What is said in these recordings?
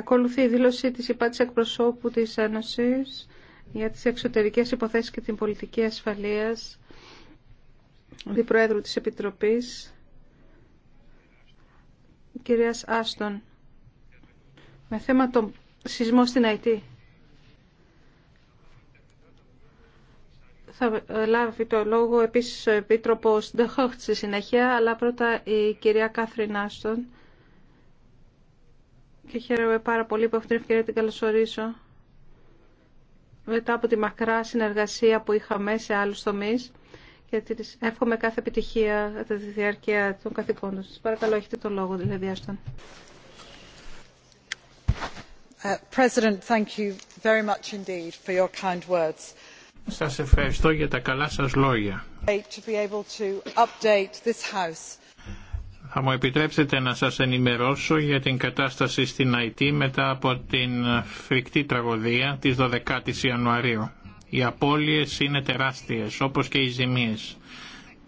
Ακολουθεί η δήλωση της υπάτης εκπροσώπου της Ένωσης για τις εξωτερικές υποθέσεις και την πολιτική ασφαλείας διπροέδρου της Επιτροπής κυρίας Άστον με θέμα τον σεισμό στην Αιτή. Θα λάβει το λόγο επίσης ο Επίτροπος Ντεχόχτ στη συνέχεια, αλλά πρώτα η κυρία Κάθριν Άστον και χαίρομαι πάρα πολύ που έχω την ευκαιρία την καλωσορίσω μετά από τη μακρά συνεργασία που είχαμε σε άλλου τομεί και της εύχομαι κάθε επιτυχία κατά τη διάρκεια των καθηκόντων σα. Παρακαλώ, έχετε το λόγο, δηλαδή, Άστον. Σας ευχαριστώ για τα καλά σας λόγια. Θα μου επιτρέψετε να σας ενημερώσω για την κατάσταση στην Αϊτή μετά από την φρικτή τραγωδία της 12ης Ιανουαρίου. Οι απώλειες είναι τεράστιες, όπως και οι ζημίες.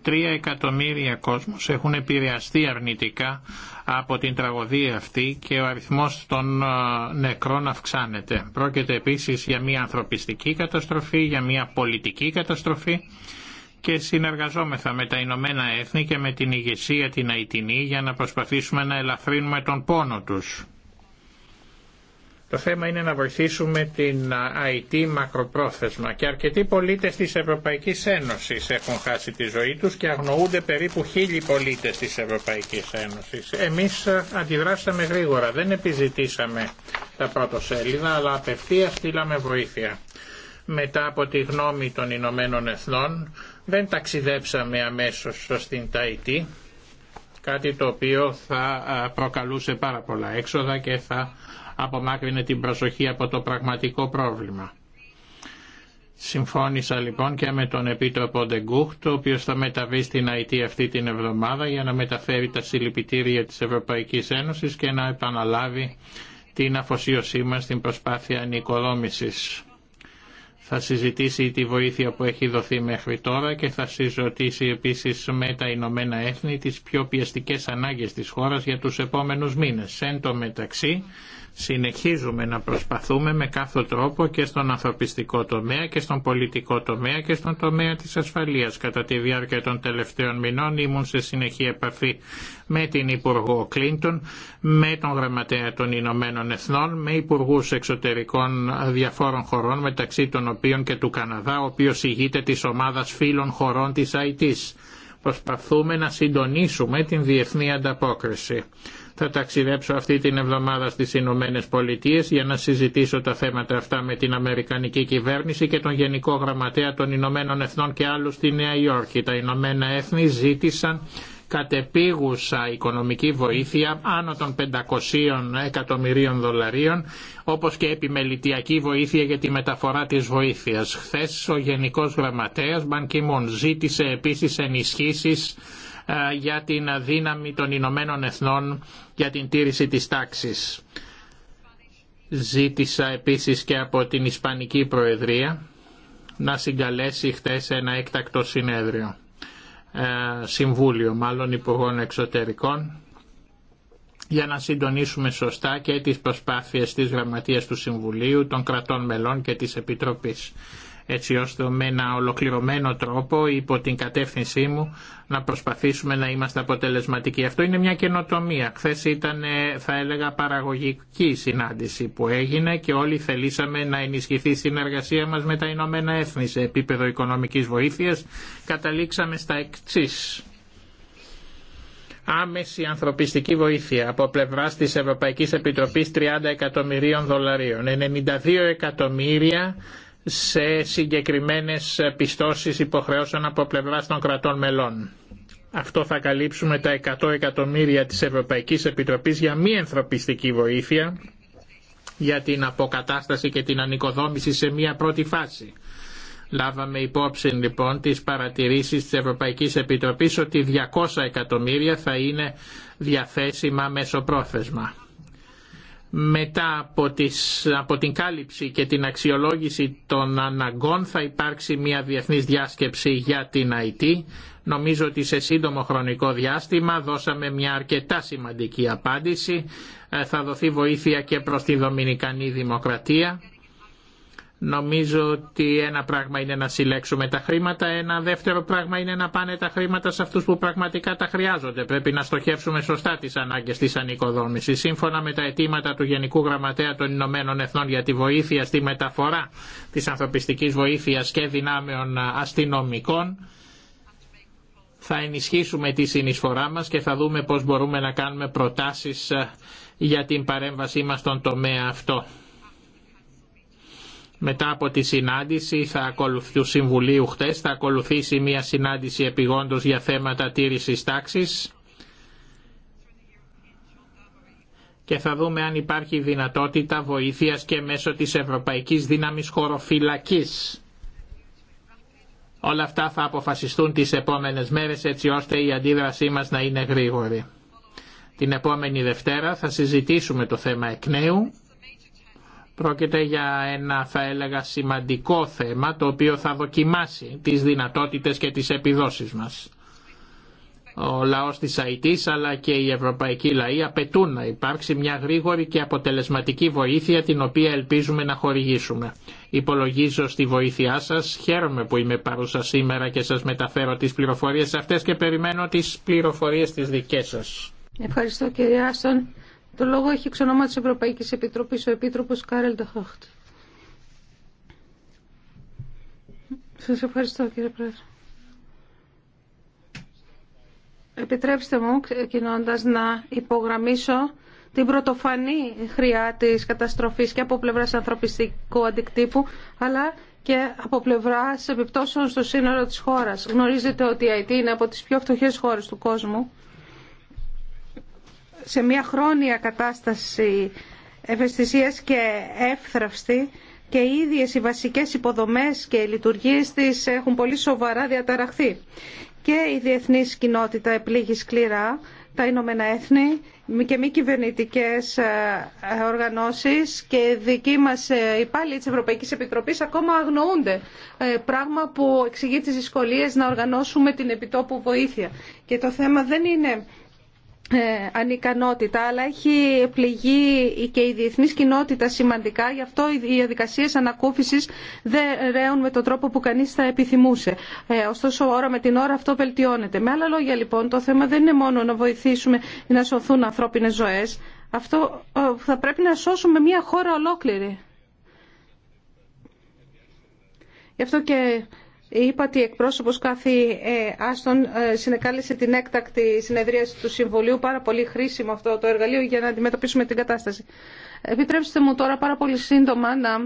Τρία εκατομμύρια κόσμος έχουν επηρεαστεί αρνητικά από την τραγωδία αυτή και ο αριθμός των ε, νεκρών αυξάνεται. Πρόκειται επίσης για μια ανθρωπιστική καταστροφή, για μια πολιτική καταστροφή και συνεργαζόμεθα με τα Ηνωμένα Έθνη και με την ηγεσία την Αιτινή για να προσπαθήσουμε να ελαφρύνουμε τον πόνο τους. Το θέμα είναι να βοηθήσουμε την IT μακροπρόθεσμα και αρκετοί πολίτες της Ευρωπαϊκής Ένωσης έχουν χάσει τη ζωή τους και αγνοούνται περίπου χίλιοι πολίτες της Ευρωπαϊκής Ένωσης. Εμείς αντιδράσαμε γρήγορα, δεν επιζητήσαμε τα πρωτοσέλιδα αλλά απευθεία στείλαμε βοήθεια. Μετά από τη γνώμη των Ηνωμένων Εθνών δεν ταξιδέψαμε αμέσως στην Ταϊτή, κάτι το οποίο θα προκαλούσε πάρα πολλά έξοδα και θα απομάκρυνε την προσοχή από το πραγματικό πρόβλημα. Συμφώνησα λοιπόν και με τον Επίτροπο Ντεγκούχτ, ο οποίο θα μεταβεί στην ΑΕΤ αυτή την εβδομάδα για να μεταφέρει τα συλληπιτήρια της Ευρωπαϊκής Ένωσης και να επαναλάβει την αφοσίωσή μας στην προσπάθεια ανοικοδόμησης θα συζητήσει τη βοήθεια που έχει δοθεί μέχρι τώρα και θα συζητήσει επίσης με τα Ηνωμένα Έθνη τις πιο πιεστικές ανάγκες της χώρας για τους επόμενους μήνες. Εν Συνεχίζουμε να προσπαθούμε με κάθε τρόπο και στον ανθρωπιστικό τομέα και στον πολιτικό τομέα και στον τομέα της ασφαλείας. Κατά τη διάρκεια των τελευταίων μηνών ήμουν σε συνεχή επαφή με την Υπουργό Κλίντον, με τον Γραμματέα των Ηνωμένων Εθνών, με Υπουργούς Εξωτερικών διαφόρων χωρών, μεταξύ των οποίων και του Καναδά, ο οποίος ηγείται της ομάδας φίλων χωρών της ΑΙΤΙΣ. Προσπαθούμε να συντονίσουμε την διεθνή ανταπόκριση. Θα ταξιδέψω αυτή την εβδομάδα στις Ηνωμένε Πολιτείε για να συζητήσω τα θέματα αυτά με την Αμερικανική κυβέρνηση και τον Γενικό Γραμματέα των Ηνωμένων Εθνών και άλλους στη Νέα Υόρκη. Τα Ηνωμένα Έθνη ζήτησαν κατεπίγουσα οικονομική βοήθεια άνω των 500 εκατομμυρίων δολαρίων όπως και επιμελητιακή βοήθεια για τη μεταφορά της βοήθειας. Χθες ο Γενικός Γραμματέας Μπαν ζήτησε επίσης ενισχύσεις ε, για την δύναμη των Ηνωμένων Εθνών για την τήρηση της τάξης. Ζήτησα επίσης και από την Ισπανική Προεδρία να συγκαλέσει χτες ένα έκτακτο συνέδριο, ε, συμβούλιο μάλλον υπουργών εξωτερικών, για να συντονίσουμε σωστά και τις προσπάθειες της Γραμματείας του Συμβουλίου, των κρατών μελών και της Επιτροπής έτσι ώστε με ένα ολοκληρωμένο τρόπο υπό την κατεύθυνσή μου να προσπαθήσουμε να είμαστε αποτελεσματικοί. Αυτό είναι μια καινοτομία. Χθε ήταν θα έλεγα παραγωγική συνάντηση που έγινε και όλοι θελήσαμε να ενισχυθεί η συνεργασία μας με τα Ηνωμένα Έθνη σε επίπεδο οικονομικής βοήθειας. Καταλήξαμε στα εξή άμεση ανθρωπιστική βοήθεια από πλευρά τη Ευρωπαϊκή Επιτροπή 30 εκατομμυρίων δολαρίων. 92 εκατομμύρια σε συγκεκριμένες πιστώσεις υποχρεώσεων από πλευρά των κρατών μελών. Αυτό θα καλύψουμε τα 100 εκατομμύρια της Ευρωπαϊκής Επιτροπής για μη ανθρωπιστική βοήθεια για την αποκατάσταση και την ανοικοδόμηση σε μία πρώτη φάση. Λάβαμε υπόψη λοιπόν τις παρατηρήσεις της Ευρωπαϊκής Επιτροπής ότι 200 εκατομμύρια θα είναι διαθέσιμα πρόθεσμα μετά από, τις, από την κάλυψη και την αξιολόγηση των αναγκών θα υπάρξει μια διεθνής διάσκεψη για την IT. Νομίζω ότι σε σύντομο χρονικό διάστημα δώσαμε μια αρκετά σημαντική απάντηση. Ε, θα δοθεί βοήθεια και προς τη Δομινικανή Δημοκρατία Νομίζω ότι ένα πράγμα είναι να συλλέξουμε τα χρήματα, ένα δεύτερο πράγμα είναι να πάνε τα χρήματα σε αυτούς που πραγματικά τα χρειάζονται. Πρέπει να στοχεύσουμε σωστά τις ανάγκες της ανοικοδόμησης. Σύμφωνα με τα αιτήματα του Γενικού Γραμματέα των Ηνωμένων Εθνών για τη βοήθεια στη μεταφορά της ανθρωπιστικής βοήθειας και δυνάμεων αστυνομικών, θα ενισχύσουμε τη συνεισφορά μας και θα δούμε πώς μπορούμε να κάνουμε προτάσεις για την παρέμβασή μας στον τομέα αυτό. Μετά από τη συνάντηση θα του Συμβουλίου χτες θα ακολουθήσει μια συνάντηση επιγόντως για θέματα τήρησης τάξης και θα δούμε αν υπάρχει δυνατότητα βοήθειας και μέσω της Ευρωπαϊκής Δύναμης Χωροφυλακής. Όλα αυτά θα αποφασιστούν τις επόμενες μέρες έτσι ώστε η αντίδρασή μας να είναι γρήγορη. Την επόμενη Δευτέρα θα συζητήσουμε το θέμα εκ νέου Πρόκειται για ένα θα έλεγα σημαντικό θέμα το οποίο θα δοκιμάσει τις δυνατότητες και τις επιδόσεις μας. Ο λαός της ΑΙΤΙΣ αλλά και οι ευρωπαϊκοί λαοί απαιτούν να υπάρξει μια γρήγορη και αποτελεσματική βοήθεια την οποία ελπίζουμε να χορηγήσουμε. Υπολογίζω στη βοήθειά σας, χαίρομαι που είμαι παρούσα σήμερα και σας μεταφέρω τις πληροφορίες αυτές και περιμένω τις πληροφορίες τις δικές σας. Ευχαριστώ κύριε Άστον. Το λόγο έχει εξ ονόμα της Ευρωπαϊκής Επιτροπής ο Επίτροπος Κάρελ Ντεχόχτ. Σας ευχαριστώ κύριε Πρόεδρε. Επιτρέψτε μου, ξεκινώντα να υπογραμμίσω την πρωτοφανή χρειά της καταστροφής και από πλευράς ανθρωπιστικού αντικτύπου, αλλά και από πλευράς επιπτώσεων στο σύνολο της χώρας. Γνωρίζετε ότι η ΑΕΤ είναι από τις πιο φτωχές χώρες του κόσμου σε μια χρόνια κατάσταση ευαισθησίας και εύθραυστη και οι ίδιες οι βασικές υποδομές και οι λειτουργίες της έχουν πολύ σοβαρά διαταραχθεί. Και η διεθνής κοινότητα επλήγει σκληρά, τα Ηνωμένα Έθνη και μη κυβερνητικέ ε, οργανώσεις και δικοί μας ε, υπάλληλοι της Ευρωπαϊκής Επιτροπής ακόμα αγνοούνται. Ε, πράγμα που εξηγεί τις δυσκολίες να οργανώσουμε την επιτόπου βοήθεια. Και το θέμα δεν είναι ε, ανικανότητα, αλλά έχει πληγεί και η διεθνή κοινότητα σημαντικά, γι' αυτό οι διαδικασίε ανακούφιση δεν ρέουν με τον τρόπο που κανεί θα επιθυμούσε. Ε, ωστόσο, ώρα με την ώρα αυτό βελτιώνεται. Με άλλα λόγια, λοιπόν, το θέμα δεν είναι μόνο να βοηθήσουμε να σωθούν ανθρώπινε ζωέ. Αυτό ε, θα πρέπει να σώσουμε μια χώρα ολόκληρη. Γι' αυτό και Είπα ότι εκπρόσωπος κάθε Άστον ε, συνεκάλεσε την έκτακτη συνεδρίαση του Συμβουλίου. Πάρα πολύ χρήσιμο αυτό το εργαλείο για να αντιμετωπίσουμε την κατάσταση. Επιτρέψτε μου τώρα πάρα πολύ σύντομα να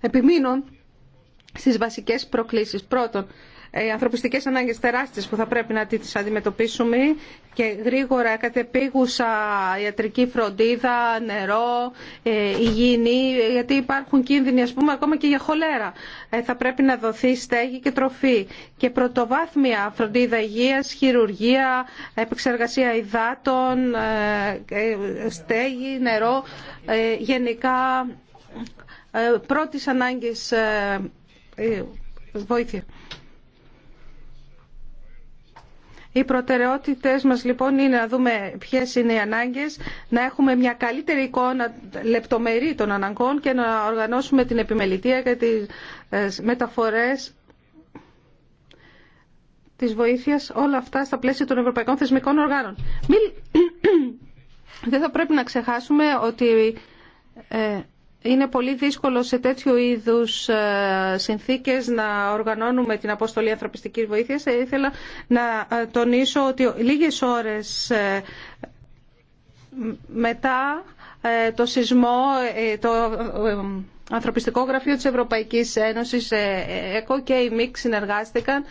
επιμείνω στις βασικές προκλήσεις. Πρώτον, ε, οι ανθρωπιστικέ ανάγκες τεράστιες που θα πρέπει να τι αντιμετωπίσουμε και γρήγορα κατεπίγουσα ιατρική φροντίδα, νερό, ε, υγιεινή, γιατί υπάρχουν κίνδυνοι ας πούμε ακόμα και για χολέρα. Ε, θα πρέπει να δοθεί στέγη και τροφή και πρωτοβάθμια φροντίδα υγείας, χειρουργία, επεξεργασία υδάτων, στέγη, νερό, γενικά πρώτης ανάγκης βοήθεια. Οι προτεραιότητες μας λοιπόν είναι να δούμε ποιες είναι οι ανάγκες, να έχουμε μια καλύτερη εικόνα λεπτομερή των αναγκών και να οργανώσουμε την επιμελητία και τις ε, μεταφορές της βοήθειας, όλα αυτά στα πλαίσια των ευρωπαϊκών θεσμικών οργάνων. Δεν θα πρέπει να ξεχάσουμε ότι ε, είναι πολύ δύσκολο σε τέτοιου είδους ε, συνθήκες να οργανώνουμε την αποστολή ανθρωπιστικής βοήθειας. Ήθελα να ε, τονίσω ότι λίγες ώρες ε, μετά το σεισμό, το ανθρωπιστικό γραφείο της Ευρωπαϊκής Ένωσης, ΕΚΟ και η ΜΙΚ συνεργάστηκαν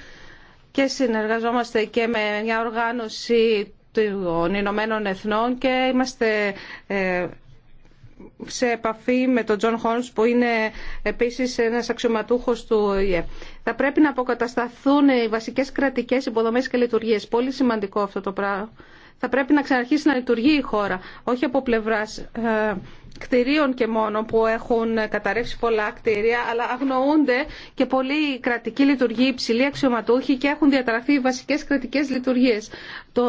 και συνεργαζόμαστε και με μια οργάνωση των Ηνωμένων Εθνών και είμαστε σε επαφή με τον Τζον Χόλμς που είναι επίσης ένας αξιωματούχος του ΟΗΕ. Θα πρέπει να αποκατασταθούν οι βασικές κρατικές υποδομές και λειτουργίες. Πολύ σημαντικό αυτό το πράγμα. Θα πρέπει να ξαναρχίσει να λειτουργεί η χώρα, όχι από πλευράς ε, κτηρίων και μόνο που έχουν καταρρεύσει πολλά κτίρια, αλλά αγνοούνται και πολλοί κρατικοί λειτουργοί, υψηλοί αξιωματούχοι και έχουν διατραφεί οι βασικέ κρατικέ λειτουργίε. Το,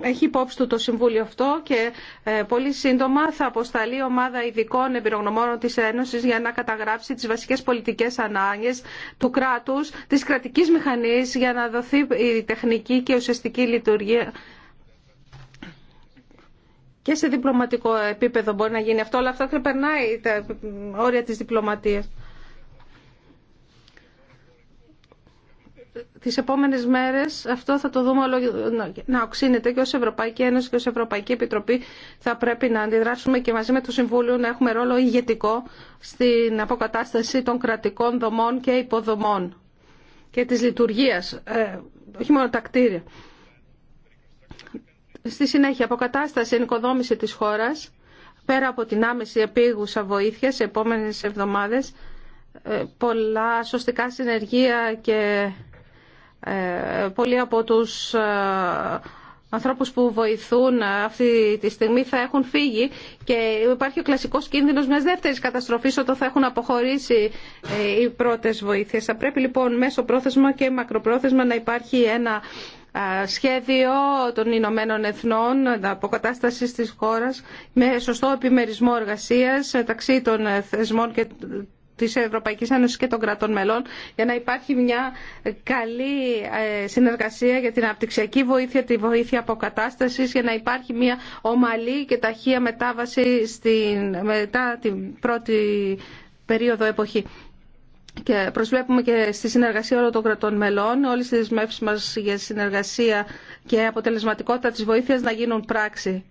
έχει υπόψη του το Συμβούλιο αυτό και ε, πολύ σύντομα θα αποσταλεί ομάδα ειδικών εμπειρογνωμόνων τη Ένωση για να καταγράψει τι βασικέ πολιτικέ ανάγκε του κράτου, τη κρατική μηχανή για να δοθεί η τεχνική και ουσιαστική λειτουργία και σε διπλωματικό επίπεδο μπορεί να γίνει αυτό, αλλά αυτό ξεπερνάει τα όρια της διπλωματίας. Τις επόμενες μέρες αυτό θα το δούμε όλο να οξύνεται και ως Ευρωπαϊκή Ένωση και ως Ευρωπαϊκή Επιτροπή θα πρέπει να αντιδράσουμε και μαζί με το Συμβούλιο να έχουμε ρόλο ηγετικό στην αποκατάσταση των κρατικών δομών και υποδομών και της λειτουργίας, ε, όχι μόνο τα κτίρια στη συνέχεια αποκατάσταση ενοικοδόμηση της χώρας πέρα από την άμεση επίγουσα βοήθεια σε επόμενες εβδομάδες ε, πολλά σωστικά συνεργεία και ε, πολλοί από τους ε, ανθρώπους που βοηθούν αυτή τη στιγμή θα έχουν φύγει και υπάρχει ο κλασικός κίνδυνος μιας δεύτερης καταστροφής όταν θα έχουν αποχωρήσει οι πρώτες βοήθειες. Θα πρέπει λοιπόν μέσω πρόθεσμα και μακροπρόθεσμα να υπάρχει ένα σχέδιο των Ηνωμένων Εθνών αποκατάσταση της χώρας με σωστό επιμερισμό εργασίας μεταξύ των θεσμών και της Ευρωπαϊκής Ένωσης και των κρατών μελών για να υπάρχει μια καλή ε, συνεργασία για την απτυξιακή βοήθεια, τη βοήθεια αποκατάστασης για να υπάρχει μια ομαλή και ταχεία μετάβαση στην, μετά την πρώτη περίοδο εποχή και προσβλέπουμε και στη συνεργασία όλων των κρατών μελών, όλες τις δεσμεύσεις μας για συνεργασία και αποτελεσματικότητα της βοήθειας να γίνουν πράξη.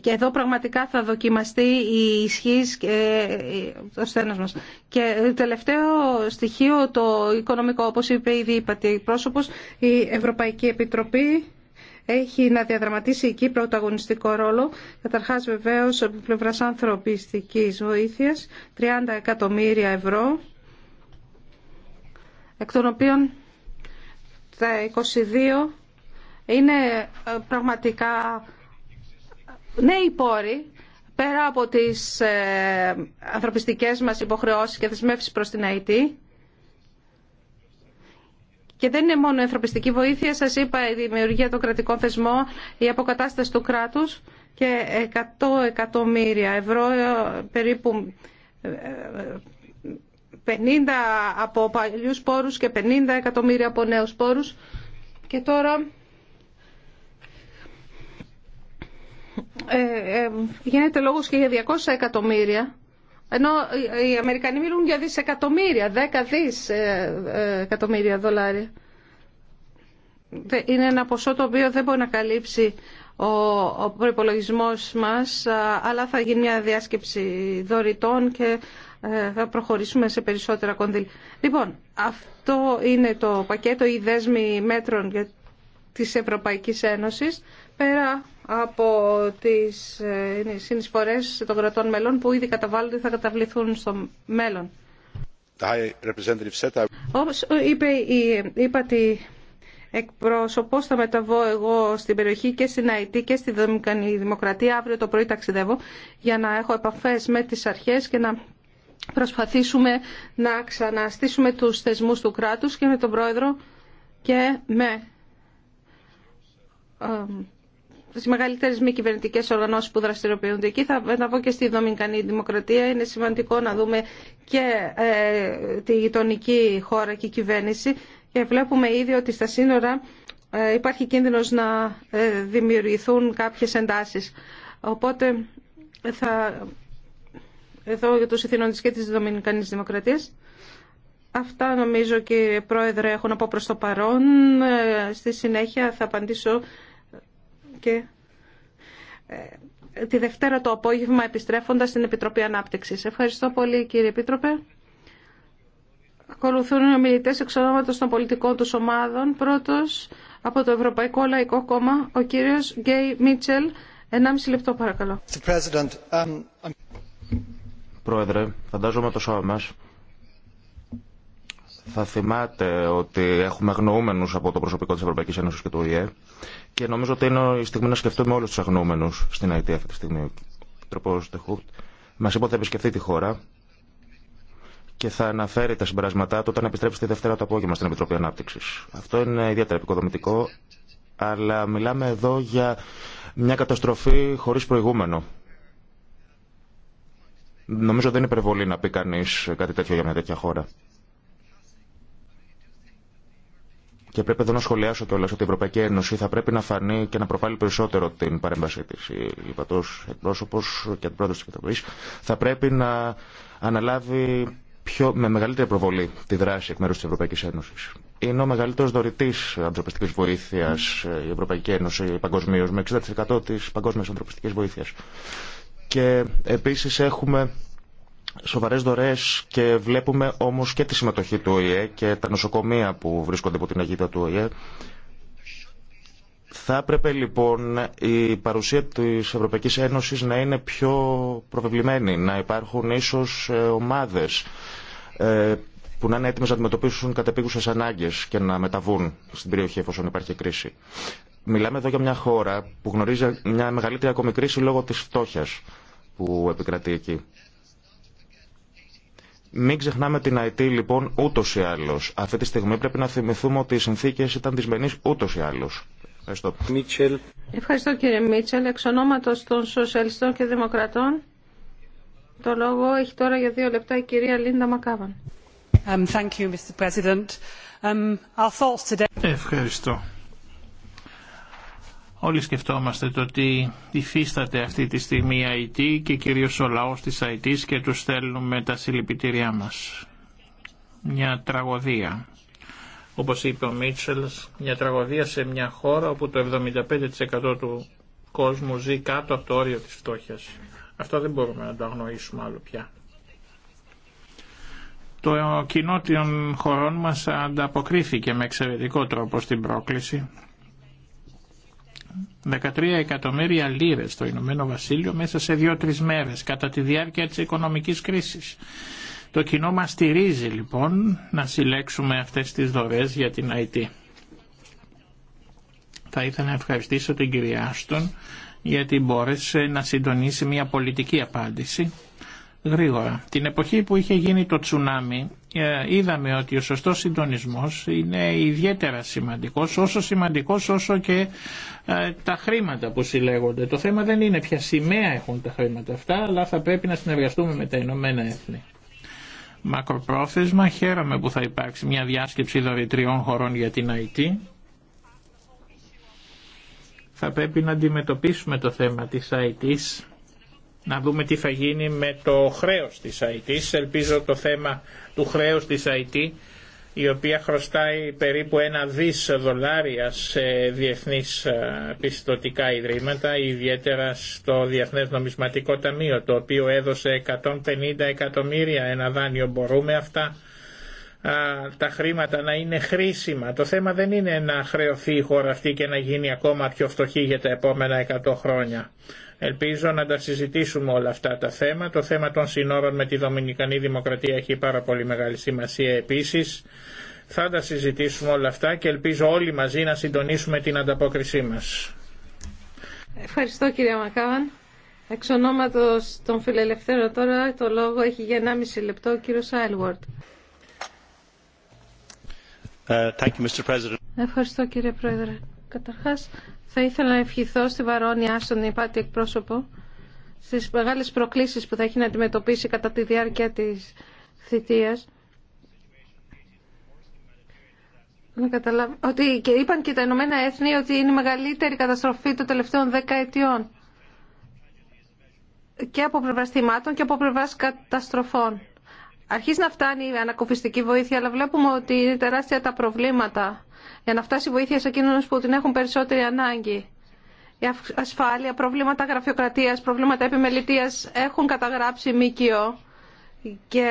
Και εδώ πραγματικά θα δοκιμαστεί η ισχύ και ο στένος μας. Και τελευταίο στοιχείο το οικονομικό, όπως είπε ήδη η πρόσωπος, η Ευρωπαϊκή Επιτροπή έχει να διαδραματίσει εκεί πρωταγωνιστικό ρόλο. Καταρχάς βεβαίως από πλευράς ανθρωπιστικής βοήθειας, 30 εκατομμύρια ευρώ εκ των οποίων τα 22 είναι ε, πραγματικά νέοι πόροι πέρα από τις ε, ανθρωπιστικές μας υποχρεώσεις και δεσμεύσεις προς την ΑΕΤ. Και δεν είναι μόνο η ανθρωπιστική βοήθεια, σας είπα, η δημιουργία των κρατικών θεσμών, η αποκατάσταση του κράτους και 100 εκατομμύρια ευρώ ε, περίπου 50 από παλιούς πόρους και 50 εκατομμύρια από νέους πόρους. Και τώρα ε, ε, γίνεται λόγος και για 200 εκατομμύρια, ενώ οι Αμερικανοί μιλούν για δισεκατομμύρια, 10 δις ε, εκατομμύρια δολάρια. Είναι ένα ποσό το οποίο δεν μπορεί να καλύψει ο, ο προϋπολογισμός μας, αλλά θα γίνει μια διάσκεψη δωρητών και ε, θα προχωρήσουμε σε περισσότερα κονδύλια. Λοιπόν, αυτό είναι το πακέτο ή δέσμη μέτρων της Ευρωπαϊκής Ένωσης πέρα από τις ε, συνεισφορές των κρατών μελών που ήδη καταβάλλονται θα καταβληθούν στο μέλλον. Όπως είπε η, δέσμοι μετρων της ευρωπαικης ενωσης τη εκπρόσωπος, θα μεταβώ εγώ στην περιοχή και στην ΑΕΤ και στη Δημοκρατία. Αύριο το πρωί ταξιδεύω για να έχω επαφές με τις αρχές και να προσπαθήσουμε να ξαναστήσουμε τους θεσμούς του κράτους και με τον Πρόεδρο και με τι μεγαλύτερε μη κυβερνητικέ οργανώσει που δραστηριοποιούνται εκεί. Θα πω και στη Δομινικανή Δημοκρατία. Είναι σημαντικό να δούμε και ε, τη γειτονική χώρα και η κυβέρνηση. Και βλέπουμε ήδη ότι στα σύνορα ε, υπάρχει κίνδυνος να ε, δημιουργηθούν κάποιες εντάσεις. Οπότε θα εδώ για τους ηθήνοντες και της Δομινικανής Δημοκρατίας. Αυτά νομίζω κύριε Πρόεδρε έχω να πω προς το παρόν. Ε, στη συνέχεια θα απαντήσω και ε, τη Δευτέρα το απόγευμα επιστρέφοντας στην Επιτροπή Ανάπτυξης. Ευχαριστώ πολύ κύριε Επίτροπε. Ακολουθούν οι ομιλητές εξ ονόματος των πολιτικών τους ομάδων. Πρώτος από το Ευρωπαϊκό Λαϊκό Κόμμα, ο κύριος Γκέι Μίτσελ. 1,5 λεπτό παρακαλώ. Um, Πρόεδρε, φαντάζομαι το σώμα μας θα θυμάται ότι έχουμε αγνοούμενους από το προσωπικό της Ευρωπαϊκής Ένωσης και του ΟΗΕ και νομίζω ότι είναι η στιγμή να σκεφτούμε όλους τους αγνοούμενους στην ΑΕΤ αυτή τη στιγμή. Ο τρόπος Τεχούτ μας είπε ότι θα επισκεφτεί τη χώρα και θα αναφέρει τα συμπεράσματά του όταν επιστρέψει τη Δευτέρα το απόγευμα στην Επιτροπή Ανάπτυξης. Αυτό είναι ιδιαίτερα επικοδομητικό, αλλά μιλάμε εδώ για μια καταστροφή χωρίς προηγούμενο Νομίζω δεν είναι υπερβολή να πει κανεί κάτι τέτοιο για μια τέτοια χώρα. Και πρέπει εδώ να σχολιάσω κιόλα ότι η Ευρωπαϊκή Ένωση θα πρέπει να φανεί και να προβάλλει περισσότερο την παρέμβασή τη. Η Λιβατό εκπρόσωπο και αντιπρόεδρο τη Επιτροπή θα πρέπει να αναλάβει πιο, με μεγαλύτερη προβολή τη δράση εκ μέρου τη Ευρωπαϊκή Ένωση. Είναι ο μεγαλύτερο δωρητή ανθρωπιστική βοήθεια η Ευρωπαϊκή Ένωση παγκοσμίω, με 60% τη παγκόσμια ανθρωπιστική βοήθεια και επίσης έχουμε σοβαρές δωρές και βλέπουμε όμως και τη συμμετοχή του ΟΗΕ και τα νοσοκομεία που βρίσκονται υπό την αγίδα του ΟΗΕ. Θα έπρεπε λοιπόν η παρουσία της Ευρωπαϊκής Ένωσης να είναι πιο προβεβλημένη, να υπάρχουν ίσως ε, ομάδες ε, που να είναι έτοιμες να αντιμετωπίσουν κατεπίγουσες ανάγκες και να μεταβούν στην περιοχή εφόσον υπάρχει κρίση. Μιλάμε εδώ για μια χώρα που γνωρίζει μια μεγαλύτερη ακόμη κρίση λόγω της φτώχειας που επικρατεί εκεί. Μην ξεχνάμε την ΑΕΤ λοιπόν ούτω ή άλλω. Αυτή τη στιγμή πρέπει να θυμηθούμε ότι οι συνθήκε ήταν δυσμενεί ούτω ή άλλω. Ευχαριστώ. Μίτσελ. Ευχαριστώ κύριε Μίτσελ. Εξ ονόματο των Σοσιαλιστών και Δημοκρατών, το λόγο έχει τώρα για δύο λεπτά η κυρία η αλλω ευχαριστω ευχαριστω κυριε μιτσελ εξ ονοματο των σοσιαλιστων και Μακάβαν. Um, thank you, Mr. Um, our today... Ευχαριστώ. Όλοι σκεφτόμαστε το ότι υφίσταται αυτή τη στιγμή η ΑΕΤ και κυρίως ο λαός της ΑΕΤ και τους στέλνουμε τα συλληπιτήριά μας. Μια τραγωδία. Όπως είπε ο Μίτσελ, μια τραγωδία σε μια χώρα όπου το 75% του κόσμου ζει κάτω από το όριο της φτώχειας. Αυτό δεν μπορούμε να το αγνοήσουμε άλλο πια. Το κοινό των χωρών μας ανταποκρίθηκε με εξαιρετικό τρόπο στην πρόκληση 13 εκατομμύρια λίρες στο Ηνωμένο Βασίλειο μέσα σε δυο 3 μέρες κατά τη διάρκεια της οικονομικής κρίσης. Το κοινό μας στηρίζει λοιπόν να συλλέξουμε αυτές τις δωρές για την ΑΕΤ. Θα ήθελα να ευχαριστήσω την κυρία Άστον γιατί μπόρεσε να συντονίσει μια πολιτική απάντηση γρήγορα. Την εποχή που είχε γίνει το τσουνάμι ε, είδαμε ότι ο σωστός συντονισμός είναι ιδιαίτερα σημαντικός, όσο σημαντικός όσο και ε, τα χρήματα που συλλέγονται. Το θέμα δεν είναι ποια σημαία έχουν τα χρήματα αυτά, αλλά θα πρέπει να συνεργαστούμε με τα Ηνωμένα Έθνη. Μακροπρόθεσμα, χαίρομαι που θα υπάρξει μια διάσκεψη δωρητριών χωρών για την IT. Θα πρέπει να αντιμετωπίσουμε το θέμα της IT να δούμε τι θα γίνει με το χρέος της ΑΕΤ. Ελπίζω το θέμα του χρέους της ΑΕΤ, η οποία χρωστάει περίπου ένα δις δολάρια σε διεθνείς ε, πιστοτικά ιδρύματα, ιδιαίτερα στο Διεθνές Νομισματικό Ταμείο, το οποίο έδωσε 150 εκατομμύρια ένα δάνειο. Μπορούμε αυτά τα χρήματα να είναι χρήσιμα. Το θέμα δεν είναι να χρεωθεί η χώρα αυτή και να γίνει ακόμα πιο φτωχή για τα επόμενα 100 χρόνια. Ελπίζω να τα συζητήσουμε όλα αυτά τα θέματα. Το θέμα των συνόρων με τη Δομινικανή Δημοκρατία έχει πάρα πολύ μεγάλη σημασία επίσης. Θα τα συζητήσουμε όλα αυτά και ελπίζω όλοι μαζί να συντονίσουμε την ανταπόκρισή μας. Ευχαριστώ κύριε Μακάβαν. Εξ ονόματος των φιλελευθέρων τώρα το λόγο έχει για 1,5 λεπτό ο κύριος Άιλουαρντ. Ε, Ευχαριστώ κύριε Πρόεδρε. Θα ήθελα να ευχηθώ στη Βαρόνια στον υπάτη εκπρόσωπο, στις μεγάλες προκλήσεις που θα έχει να αντιμετωπίσει κατά τη διάρκεια της θητείας. Να Ότι και είπαν και τα Ηνωμένα Έθνη ότι είναι η μεγαλύτερη καταστροφή των τελευταίων δέκα Και από πλευρά θυμάτων και από πλευρά καταστροφών. Αρχίζει να φτάνει η ανακουφιστική βοήθεια, αλλά βλέπουμε ότι είναι τεράστια τα προβλήματα για να φτάσει βοήθεια σε εκείνους που την έχουν περισσότερη ανάγκη. Η ασφάλεια, προβλήματα γραφειοκρατίας, προβλήματα επιμελητίας έχουν καταγράψει ΜΚΟ και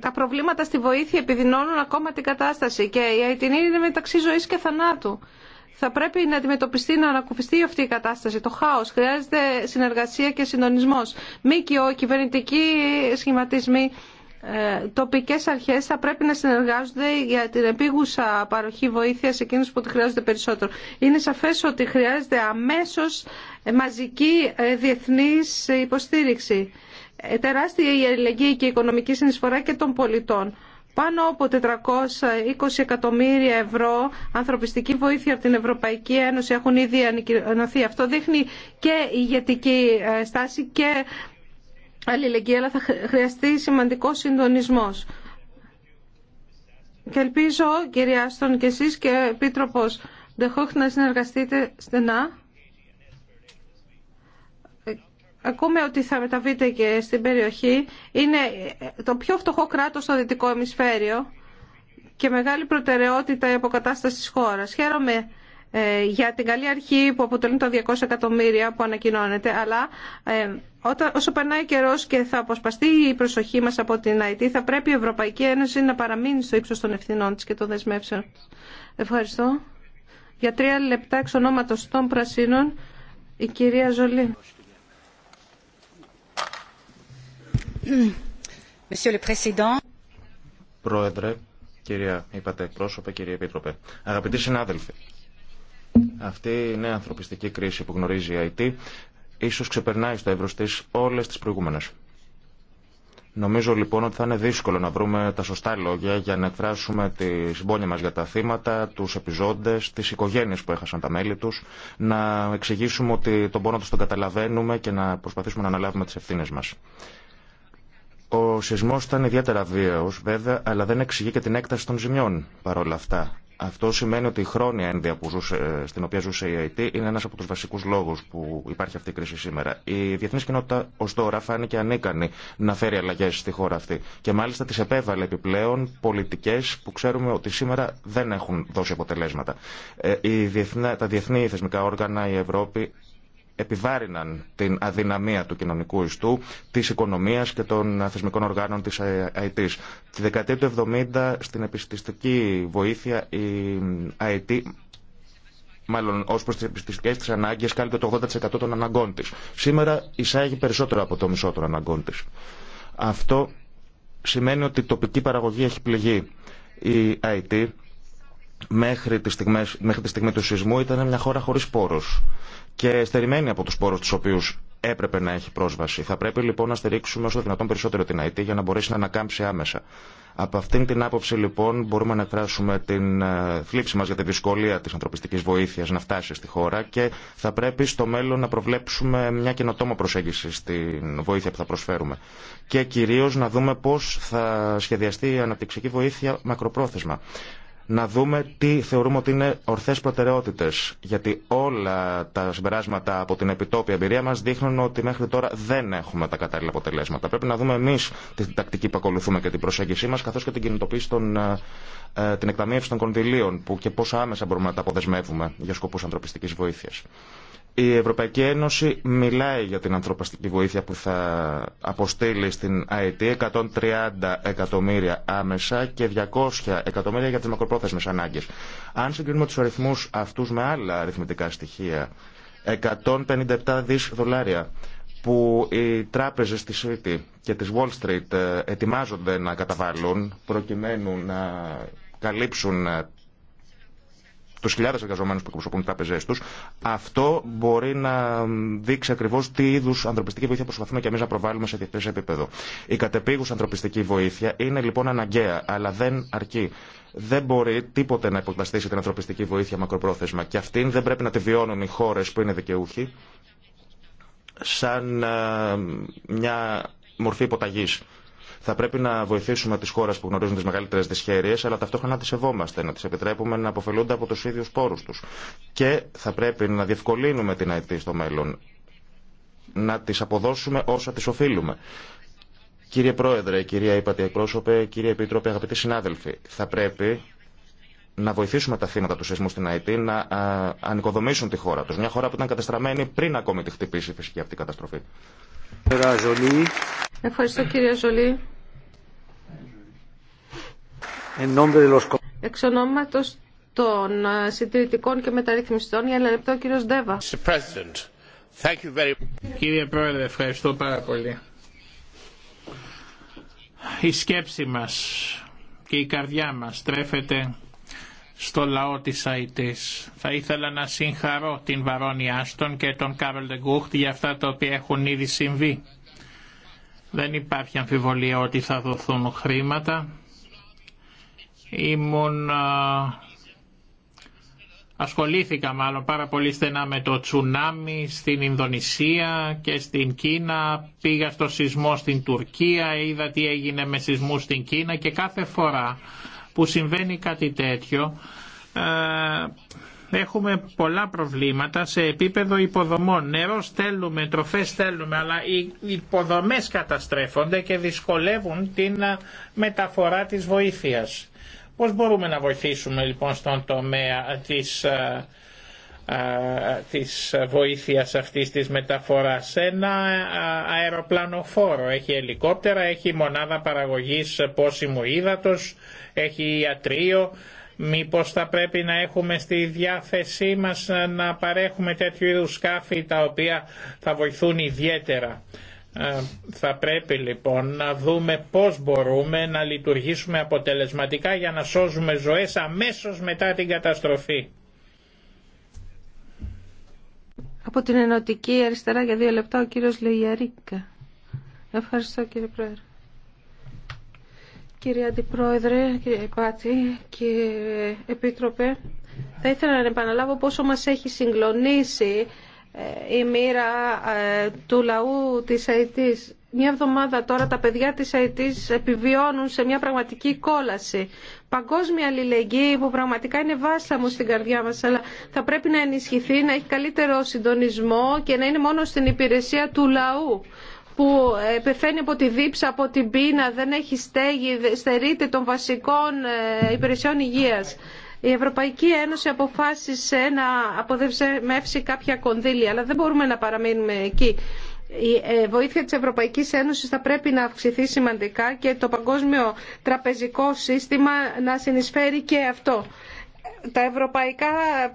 τα προβλήματα στη βοήθεια επιδεινώνουν ακόμα την κατάσταση και η αιτινή είναι μεταξύ ζωής και θανάτου. Θα πρέπει να αντιμετωπιστεί, να ανακουφιστεί αυτή η κατάσταση, το χάος. Χρειάζεται συνεργασία και συντονισμός. ΜΚΟ, κυβερνητικοί σχηματισμοί, ε, τοπικές αρχές θα πρέπει να συνεργάζονται για την επίγουσα παροχή βοήθειας εκείνους που τη χρειάζονται περισσότερο. Είναι σαφές ότι χρειάζεται αμέσως μαζική ε, διεθνής υποστήριξη. Ε, τεράστια η αλληλεγγύη και η οικονομική συνεισφορά και των πολιτών. Πάνω από 420 εκατομμύρια ευρώ ανθρωπιστική βοήθεια από την Ευρωπαϊκή Ένωση έχουν ήδη ανακοινωθεί. Αυτό δείχνει και ηγετική στάση και αλληλεγγύη, αλλά θα χρειαστεί σημαντικό συντονισμός. Και ελπίζω, κύριε Άστον, και εσείς και Επίτροπος Ντεχόχ να συνεργαστείτε στενά. Ακούμε ότι θα μεταβείτε και στην περιοχή. Είναι το πιο φτωχό κράτος στο δυτικό ημισφαίριο και μεγάλη προτεραιότητα η αποκατάσταση της χώρας. Χαίρομαι ε, για την καλή αρχή που αποτελούν τα 200 εκατομμύρια που ανακοινώνεται, αλλά ε, όσο περνάει καιρό και θα αποσπαστεί η προσοχή μα από την ΑΕΤ, θα πρέπει η Ευρωπαϊκή Ένωση να παραμείνει στο ύψο των ευθυνών τη και των δεσμεύσεων. Ευχαριστώ. Για τρία λεπτά εξ ονόματο των Πρασίνων, η κυρία Ζολή. Πρόεδρε, κυρία Είπατε, πρόσωπε, κυρία Επίτροπε, αγαπητοί συνάδελφοι, αυτή η νέα ανθρωπιστική κρίση που γνωρίζει η IT ίσως ξεπερνάει στο εύρος της όλες τις προηγούμενες. Νομίζω λοιπόν ότι θα είναι δύσκολο να βρούμε τα σωστά λόγια για να εκφράσουμε τη συμπόνια μας για τα θύματα, τους επιζώντες, τις οικογένειες που έχασαν τα μέλη τους, να εξηγήσουμε ότι τον πόνο τους τον καταλαβαίνουμε και να προσπαθήσουμε να αναλάβουμε τις ευθύνες μας. Ο σεισμός ήταν ιδιαίτερα βίαιος, βέβαια, αλλά δεν εξηγεί και την έκταση των ζημιών παρόλα αυτά. Αυτό σημαίνει ότι η χρόνια ένδια ε, στην οποία ζούσε η ΑΕΤ είναι ένα από του βασικού λόγου που υπάρχει αυτή η κρίση σήμερα. Η διεθνή κοινότητα ω τώρα φάνηκε ανίκανη να φέρει αλλαγέ στη χώρα αυτή. Και μάλιστα τι επέβαλε επιπλέον πολιτικέ που ξέρουμε ότι σήμερα δεν έχουν δώσει αποτελέσματα. Ε, η διεθνή, τα διεθνή θεσμικά όργανα, η Ευρώπη επιβάρυναν την αδυναμία του κοινωνικού ιστού, τη οικονομία και των θεσμικών οργάνων τη ΑΕΤ. Τη δεκαετία του 70 στην επιστηστική βοήθεια η ΑΕΤ μάλλον ω προ τι επιστηστικές τη ανάγκε, κάλυπτε το 80% των αναγκών τη. Σήμερα εισάγει περισσότερο από το μισό των αναγκών τη. Αυτό σημαίνει ότι η τοπική παραγωγή έχει πληγεί. Η IT ε μέχρι τη, στιγμή, μέχρι τη στιγμή του σεισμού ήταν μια χώρα χωρίς πόρους και στερημένη από του πόρου του οποίου έπρεπε να έχει πρόσβαση. Θα πρέπει λοιπόν να στηρίξουμε όσο δυνατόν περισσότερο την ΑΕΤ για να μπορέσει να ανακάμψει άμεσα. Από αυτήν την άποψη λοιπόν μπορούμε να εκφράσουμε την ε, θλίψη μας για τη δυσκολία της ανθρωπιστικής βοήθειας να φτάσει στη χώρα και θα πρέπει στο μέλλον να προβλέψουμε μια καινοτόμα προσέγγιση στην βοήθεια που θα προσφέρουμε. Και κυρίως να δούμε πώς θα σχεδιαστεί η αναπτυξική βοήθεια μακροπρόθεσμα να δούμε τι θεωρούμε ότι είναι ορθές προτεραιότητες. Γιατί όλα τα συμπεράσματα από την επιτόπια εμπειρία μας δείχνουν ότι μέχρι τώρα δεν έχουμε τα κατάλληλα αποτελέσματα. Πρέπει να δούμε εμείς την τακτική που ακολουθούμε και την προσέγγιση μας, καθώς και την κινητοποίηση των, ε, ε, την εκταμείευση των κονδυλίων που και πόσο άμεσα μπορούμε να τα αποδεσμεύουμε για σκοπούς ανθρωπιστικής βοήθειας. Η Ευρωπαϊκή Ένωση μιλάει για την ανθρωπαστική βοήθεια που θα αποστείλει στην ΑΕΤ 130 εκατομμύρια άμεσα και 200 εκατομμύρια για τις μακροπρόθεσμες ανάγκες. Αν συγκρίνουμε τους αριθμούς αυτούς με άλλα αριθμητικά στοιχεία, 157 δις δολάρια που οι τράπεζες της City και της Wall Street ε, ετοιμάζονται να καταβάλουν προκειμένου να καλύψουν ε, του χιλιάδε εργαζομένου που εκπροσωπούν πεζέ του, αυτό μπορεί να δείξει ακριβώ τι είδου ανθρωπιστική βοήθεια προσπαθούμε και εμεί να προβάλλουμε σε διεθνέ επίπεδο. Η κατεπίγουσα ανθρωπιστική βοήθεια είναι λοιπόν αναγκαία, αλλά δεν αρκεί. Δεν μπορεί τίποτε να υποταστήσει την ανθρωπιστική βοήθεια μακροπρόθεσμα και αυτήν δεν πρέπει να τη βιώνουν οι χώρε που είναι δικαιούχοι σαν ε, μια μορφή υποταγής. Θα πρέπει να βοηθήσουμε τι χώρε που γνωρίζουν τι μεγαλύτερε δυσχέρειε, αλλά ταυτόχρονα να τι σεβόμαστε, να τι επιτρέπουμε να αποφελούνται από του ίδιου πόρου του. Και θα πρέπει να διευκολύνουμε την ΑΕΤ στο μέλλον. Να τι αποδώσουμε όσα τι οφείλουμε. Κύριε Πρόεδρε, κυρία Υπατή Εκπρόσωπε, κύριε Επίτροπε, αγαπητοί συνάδελφοι, θα πρέπει να βοηθήσουμε τα θύματα του σεισμού στην ΑΕΤ να ανοικοδομήσουν τη χώρα του. Μια χώρα που ήταν κατεστραμμένη πριν ακόμη τη χτυπήσει φυσική αυτή καταστροφή. Ευχαριστώ κύριε Ζολή. Εξ ονόματος των ε, συντηρητικών και μεταρρυθμιστών, για ένα λεπτό κύριο κύριος Ντέβα. Κύριε Πρόεδρε, ευχαριστώ πάρα πολύ. Η σκέψη μας και η καρδιά μας τρέφεται στο λαό της Θα ήθελα να συγχαρώ την Βαρόνι Άστον και τον Κάρολ Ντεγκούχτ για αυτά τα οποία έχουν ήδη συμβεί. Δεν υπάρχει αμφιβολία ότι θα δοθούν χρήματα. Ήμουν... Ασχολήθηκα μάλλον πάρα πολύ στενά με το τσουνάμι στην Ινδονησία και στην Κίνα, πήγα στο σεισμό στην Τουρκία, είδα τι έγινε με σεισμού στην Κίνα και κάθε φορά που συμβαίνει κάτι τέτοιο ε, έχουμε πολλά προβλήματα σε επίπεδο υποδομών. Νερό στέλνουμε, τροφές στέλνουμε, αλλά οι υποδομές καταστρέφονται και δυσκολεύουν την ε, μεταφορά της βοήθειας. Πώς μπορούμε να βοηθήσουμε λοιπόν στον τομέα της ε, της βοήθειας αυτής της μεταφοράς. Ένα αεροπλανοφόρο έχει ελικόπτερα, έχει μονάδα παραγωγής πόσιμου ύδατος, έχει ιατρείο. Μήπως θα πρέπει να έχουμε στη διάθεσή μας να παρέχουμε τέτοιου είδους σκάφη τα οποία θα βοηθούν ιδιαίτερα. Θα πρέπει λοιπόν να δούμε πώς μπορούμε να λειτουργήσουμε αποτελεσματικά για να σώζουμε ζωές αμέσως μετά την καταστροφή. Από την Ενωτική Αριστερά για δύο λεπτά ο κύριος Λεγιαρίκα. Ευχαριστώ κύριε Πρόεδρε. Κύριε Αντιπρόεδρε, κύριε Πάτη, κύριε Επίτροπε, θα ήθελα να επαναλάβω πόσο μας έχει συγκλονίσει ε, η μοίρα ε, του λαού της ΑΕΤΗΣ. Μια εβδομάδα τώρα τα παιδιά της ΑΕΤΗΣ επιβιώνουν σε μια πραγματική κόλαση παγκόσμια αλληλεγγύη που πραγματικά είναι μου στην καρδιά μας αλλά θα πρέπει να ενισχυθεί, να έχει καλύτερο συντονισμό και να είναι μόνο στην υπηρεσία του λαού που πεθαίνει από τη δίψα, από την πείνα, δεν έχει στέγη, στερείται των βασικών ε, υπηρεσιών υγείας. Η Ευρωπαϊκή Ένωση αποφάσισε να αποδευσμεύσει κάποια κονδύλια, αλλά δεν μπορούμε να παραμείνουμε εκεί η ε, βοήθεια της Ευρωπαϊκής Ένωσης θα πρέπει να αυξηθεί σημαντικά και το παγκόσμιο τραπεζικό σύστημα να συνεισφέρει και αυτό τα ευρωπαϊκά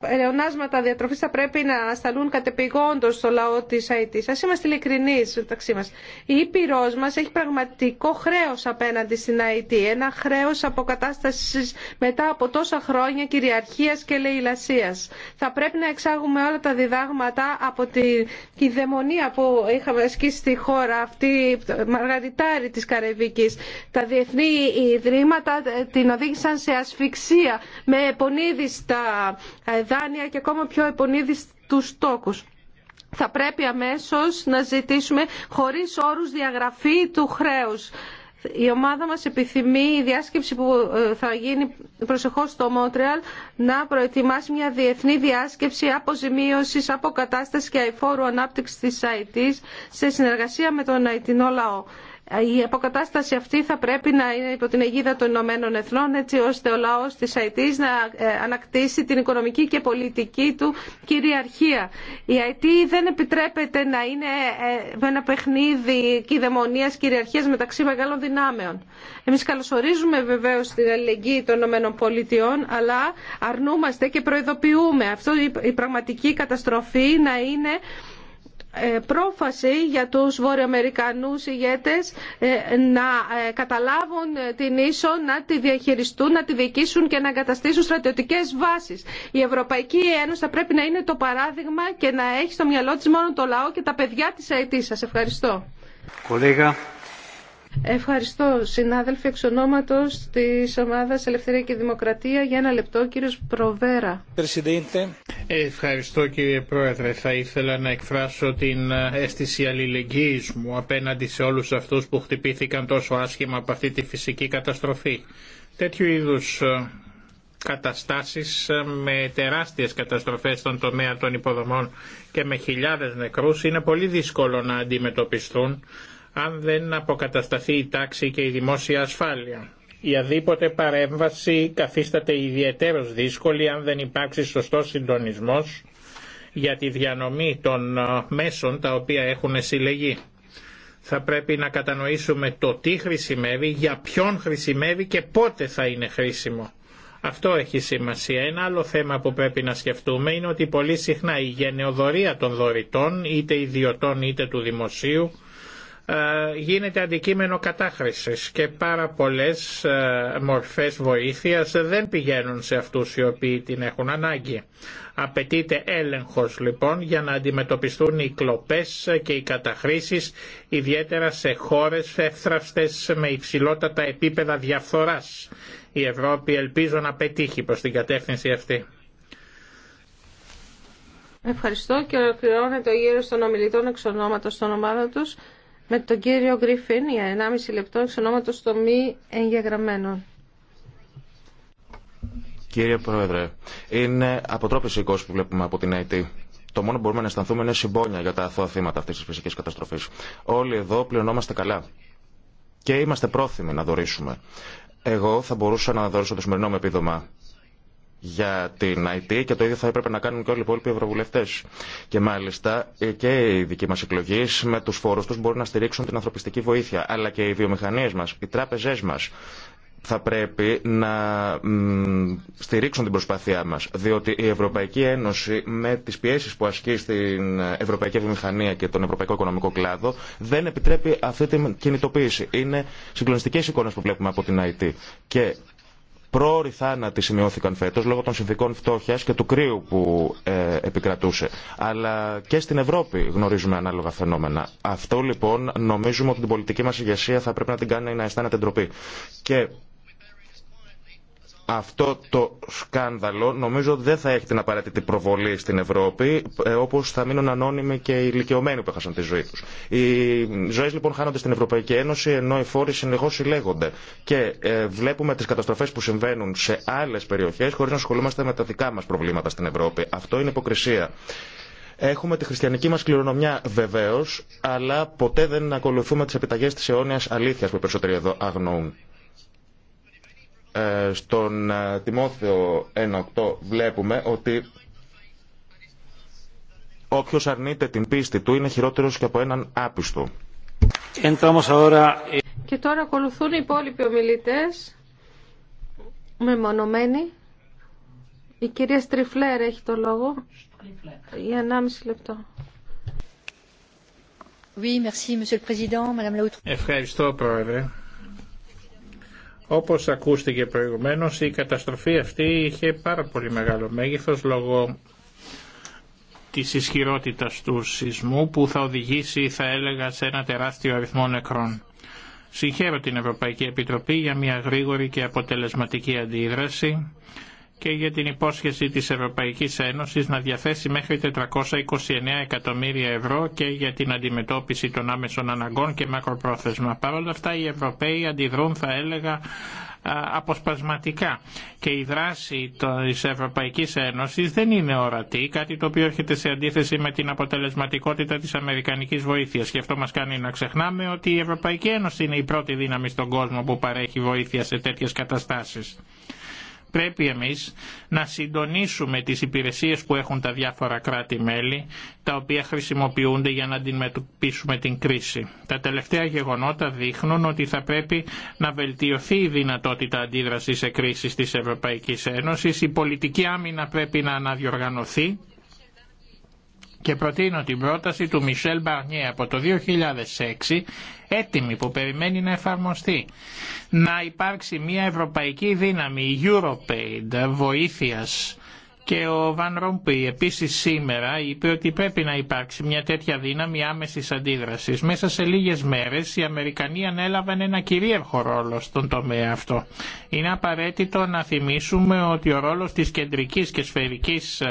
ελαιονάσματα διατροφής θα πρέπει να σταλούν κατεπηγόντω στο λαό τη ΑΕΤ. Α είμαστε ειλικρινεί μεταξύ μα. Η Ήπειρο μα έχει πραγματικό χρέο απέναντι στην ΑΕΤ. Ένα χρέος αποκατάστασης μετά από τόσα χρόνια κυριαρχία και λαιλασία. Θα πρέπει να εξάγουμε όλα τα διδάγματα από τη δαιμονία που είχαμε ασκήσει στη χώρα αυτή, μαργαριτάρη της Καρεβικής. Τα διεθνή ιδρύματα ε, την οδήγησαν σε ασφυξία με επονίδιστα δάνεια και ακόμα πιο επονίδιστου του τόκους. Θα πρέπει αμέσως να ζητήσουμε χωρίς όρους διαγραφή του χρέους. Η ομάδα μας επιθυμεί η διάσκεψη που ε, θα γίνει προσεχώς στο Μόντρεαλ να προετοιμάσει μια διεθνή διάσκεψη αποζημίωσης, αποκατάστασης και αηφόρου ανάπτυξης της ΑΕΤ σε συνεργασία με τον αιτινό λαό. Η αποκατάσταση αυτή θα πρέπει να είναι υπό την αιγίδα των Ηνωμένων Εθνών έτσι ώστε ο λαός της ΑΕΤ να ε, ανακτήσει την οικονομική και πολιτική του κυριαρχία. Η ΑΕΤ δεν επιτρέπεται να είναι ε, ένα παιχνίδι κυδαιμονίας κυριαρχίας μεταξύ μεγάλων δυνάμεων. Εμείς καλωσορίζουμε βεβαίως την αλληλεγγύη των Ηνωμένων Πολιτειών αλλά αρνούμαστε και προειδοποιούμε αυτό η πραγματική καταστροφή να είναι ε, πρόφαση για τους βορειοαμερικανούς ηγέτες ε, να ε, καταλάβουν την ίσο, να τη διαχειριστούν, να τη διοικήσουν και να εγκαταστήσουν στρατιωτικές βάσεις. Η Ευρωπαϊκή Ένωση θα πρέπει να είναι το παράδειγμα και να έχει στο μυαλό της μόνο το λαό και τα παιδιά της αιτής. Σας ευχαριστώ. Κολέγα. Ευχαριστώ, συνάδελφοι, εξ ονόματος της ομάδας Ελευθερία και Δημοκρατία. Για ένα λεπτό, κύριος Προβέρα. Ευχαριστώ, κύριε Πρόεδρε. Θα ήθελα να εκφράσω την αίσθηση αλληλεγγύης μου απέναντι σε όλους αυτούς που χτυπήθηκαν τόσο άσχημα από αυτή τη φυσική καταστροφή. Τέτοιου είδους ε, καταστάσεις ε, με τεράστιες καταστροφές στον τομέα των υποδομών και με χιλιάδες νεκρούς είναι πολύ δύσκολο να αντιμετωπιστούν αν δεν αποκατασταθεί η τάξη και η δημόσια ασφάλεια. Η αδίποτε παρέμβαση καθίσταται ιδιαίτερος δύσκολη αν δεν υπάρξει σωστός συντονισμός για τη διανομή των ε, μέσων τα οποία έχουν συλλεγεί. Θα πρέπει να κατανοήσουμε το τι χρησιμεύει, για ποιον χρησιμεύει και πότε θα είναι χρήσιμο. Αυτό έχει σημασία. Ένα άλλο θέμα που πρέπει να σκεφτούμε είναι ότι πολύ συχνά η γενεοδορία των δωρητών, είτε ιδιωτών είτε του δημοσίου, ε, γίνεται αντικείμενο κατάχρησης και πάρα πολλές ε, μορφές βοήθειας δεν πηγαίνουν σε αυτούς οι οποίοι την έχουν ανάγκη. Απαιτείται έλεγχος λοιπόν για να αντιμετωπιστούν οι κλοπές και οι καταχρήσεις ιδιαίτερα σε χώρες εύθραυστες με υψηλότατα επίπεδα διαφθοράς. Η Ευρώπη ελπίζω να πετύχει προς την κατεύθυνση αυτή. Ευχαριστώ και ολοκληρώνεται ο γύρος των ομιλητών εξ ονόματος των ομάδων τους με τον κύριο Γκριφίν για 1,5 λεπτό εξ ονόματος το μη εγγεγραμμένων. Κύριε Πρόεδρε, είναι ο η που βλέπουμε από την ΑΕΤ. Το μόνο που μπορούμε να αισθανθούμε είναι συμπόνια για τα αθώα θύματα αυτής της φυσικής καταστροφής. Όλοι εδώ πλειωνόμαστε καλά και είμαστε πρόθυμοι να δωρήσουμε. Εγώ θα μπορούσα να δωρήσω το σημερινό μου επίδομα για την IT και το ίδιο θα έπρεπε να κάνουν και όλοι οι υπόλοιποι ευρωβουλευτέ. Και μάλιστα ε, και οι δικοί μα εκλογέ με του φόρου του μπορούν να στηρίξουν την ανθρωπιστική βοήθεια. Αλλά και οι βιομηχανίε μα, οι τράπεζέ μα θα πρέπει να στηρίξουν την προσπάθειά μας, διότι η Ευρωπαϊκή Ένωση με τις πιέσεις που ασκεί στην Ευρωπαϊκή Βιομηχανία και τον Ευρωπαϊκό Οικονομικό Κλάδο δεν επιτρέπει αυτή την κινητοποίηση. Είναι συγκλονιστικές εικόνες που βλέπουμε από την ΑΕΤ και Πρόοροι θάνατοι σημειώθηκαν φέτος λόγω των συνθήκων φτώχειας και του κρύου που ε, επικρατούσε. Αλλά και στην Ευρώπη γνωρίζουμε ανάλογα φαινόμενα. Αυτό λοιπόν νομίζουμε ότι την πολιτική μας ηγεσία θα πρέπει να την κάνει να αισθάνεται ντροπή. Και αυτό το σκάνδαλο νομίζω δεν θα έχει την απαραίτητη προβολή στην Ευρώπη, ε, όπω θα μείνουν ανώνυμοι και οι ηλικιωμένοι που έχασαν τη ζωή του. Οι ζωέ λοιπόν χάνονται στην Ευρωπαϊκή Ένωση, ενώ οι φόροι συνεχώ συλλέγονται. Και ε, βλέπουμε τι καταστροφέ που συμβαίνουν σε άλλε περιοχέ, χωρί να ασχολούμαστε με τα δικά μα προβλήματα στην Ευρώπη. Αυτό είναι υποκρισία. Έχουμε τη χριστιανική μα κληρονομιά βεβαίω, αλλά ποτέ δεν ακολουθούμε τι επιταγέ τη αιώνια αλήθεια που οι περισσότεροι εδώ αγνοούν. Ε, στον ε, Τιμόθεο 1.8 βλέπουμε ότι όποιος αρνείται την πίστη του είναι χειρότερος και από έναν άπιστο. Ε, και τώρα ακολουθούν οι υπόλοιποι ομιλητές μεμονωμένοι. Η κυρία Στριφλέρ έχει το λόγο για 1,5 λεπτό. Ευχαριστώ, Πρόεδρε. Όπως ακούστηκε προηγουμένως η καταστροφή αυτή είχε πάρα πολύ μεγάλο μέγεθος λόγω της ισχυρότητας του σεισμού που θα οδηγήσει θα έλεγα σε ένα τεράστιο αριθμό νεκρών. Συγχαίρω την Ευρωπαϊκή Επιτροπή για μια γρήγορη και αποτελεσματική αντίδραση και για την υπόσχεση της Ευρωπαϊκής Ένωσης να διαθέσει μέχρι 429 εκατομμύρια ευρώ και για την αντιμετώπιση των άμεσων αναγκών και μακροπρόθεσμα. Παρ' όλα αυτά οι Ευρωπαίοι αντιδρούν θα έλεγα αποσπασματικά και η δράση της Ευρωπαϊκής Ένωσης δεν είναι ορατή, κάτι το οποίο έρχεται σε αντίθεση με την αποτελεσματικότητα της Αμερικανικής βοήθειας και αυτό μας κάνει να ξεχνάμε ότι η Ευρωπαϊκή Ένωση είναι η πρώτη δύναμη στον κόσμο που παρέχει βοήθεια σε τέτοιες καταστάσεις πρέπει εμείς να συντονίσουμε τις υπηρεσίες που έχουν τα διάφορα κράτη-μέλη, τα οποία χρησιμοποιούνται για να αντιμετωπίσουμε την κρίση. Τα τελευταία γεγονότα δείχνουν ότι θα πρέπει να βελτιωθεί η δυνατότητα αντίδρασης σε κρίσεις της Ευρωπαϊκής Ένωσης, η πολιτική άμυνα πρέπει να αναδιοργανωθεί, και προτείνω την πρόταση του Μισελ Μπαρνιέ από το 2006, έτοιμη που περιμένει να εφαρμοστεί, να υπάρξει μια ευρωπαϊκή δύναμη, Europaid, βοήθειας, και ο Βαν Ρομπί επίσης σήμερα είπε ότι πρέπει να υπάρξει μια τέτοια δύναμη άμεσης αντίδρασης. Μέσα σε λίγες μέρες οι Αμερικανοί ανέλαβαν ένα κυρίαρχο ρόλο στον τομέα αυτό. Είναι απαραίτητο να θυμίσουμε ότι ο ρόλος της κεντρικής και σφαιρικής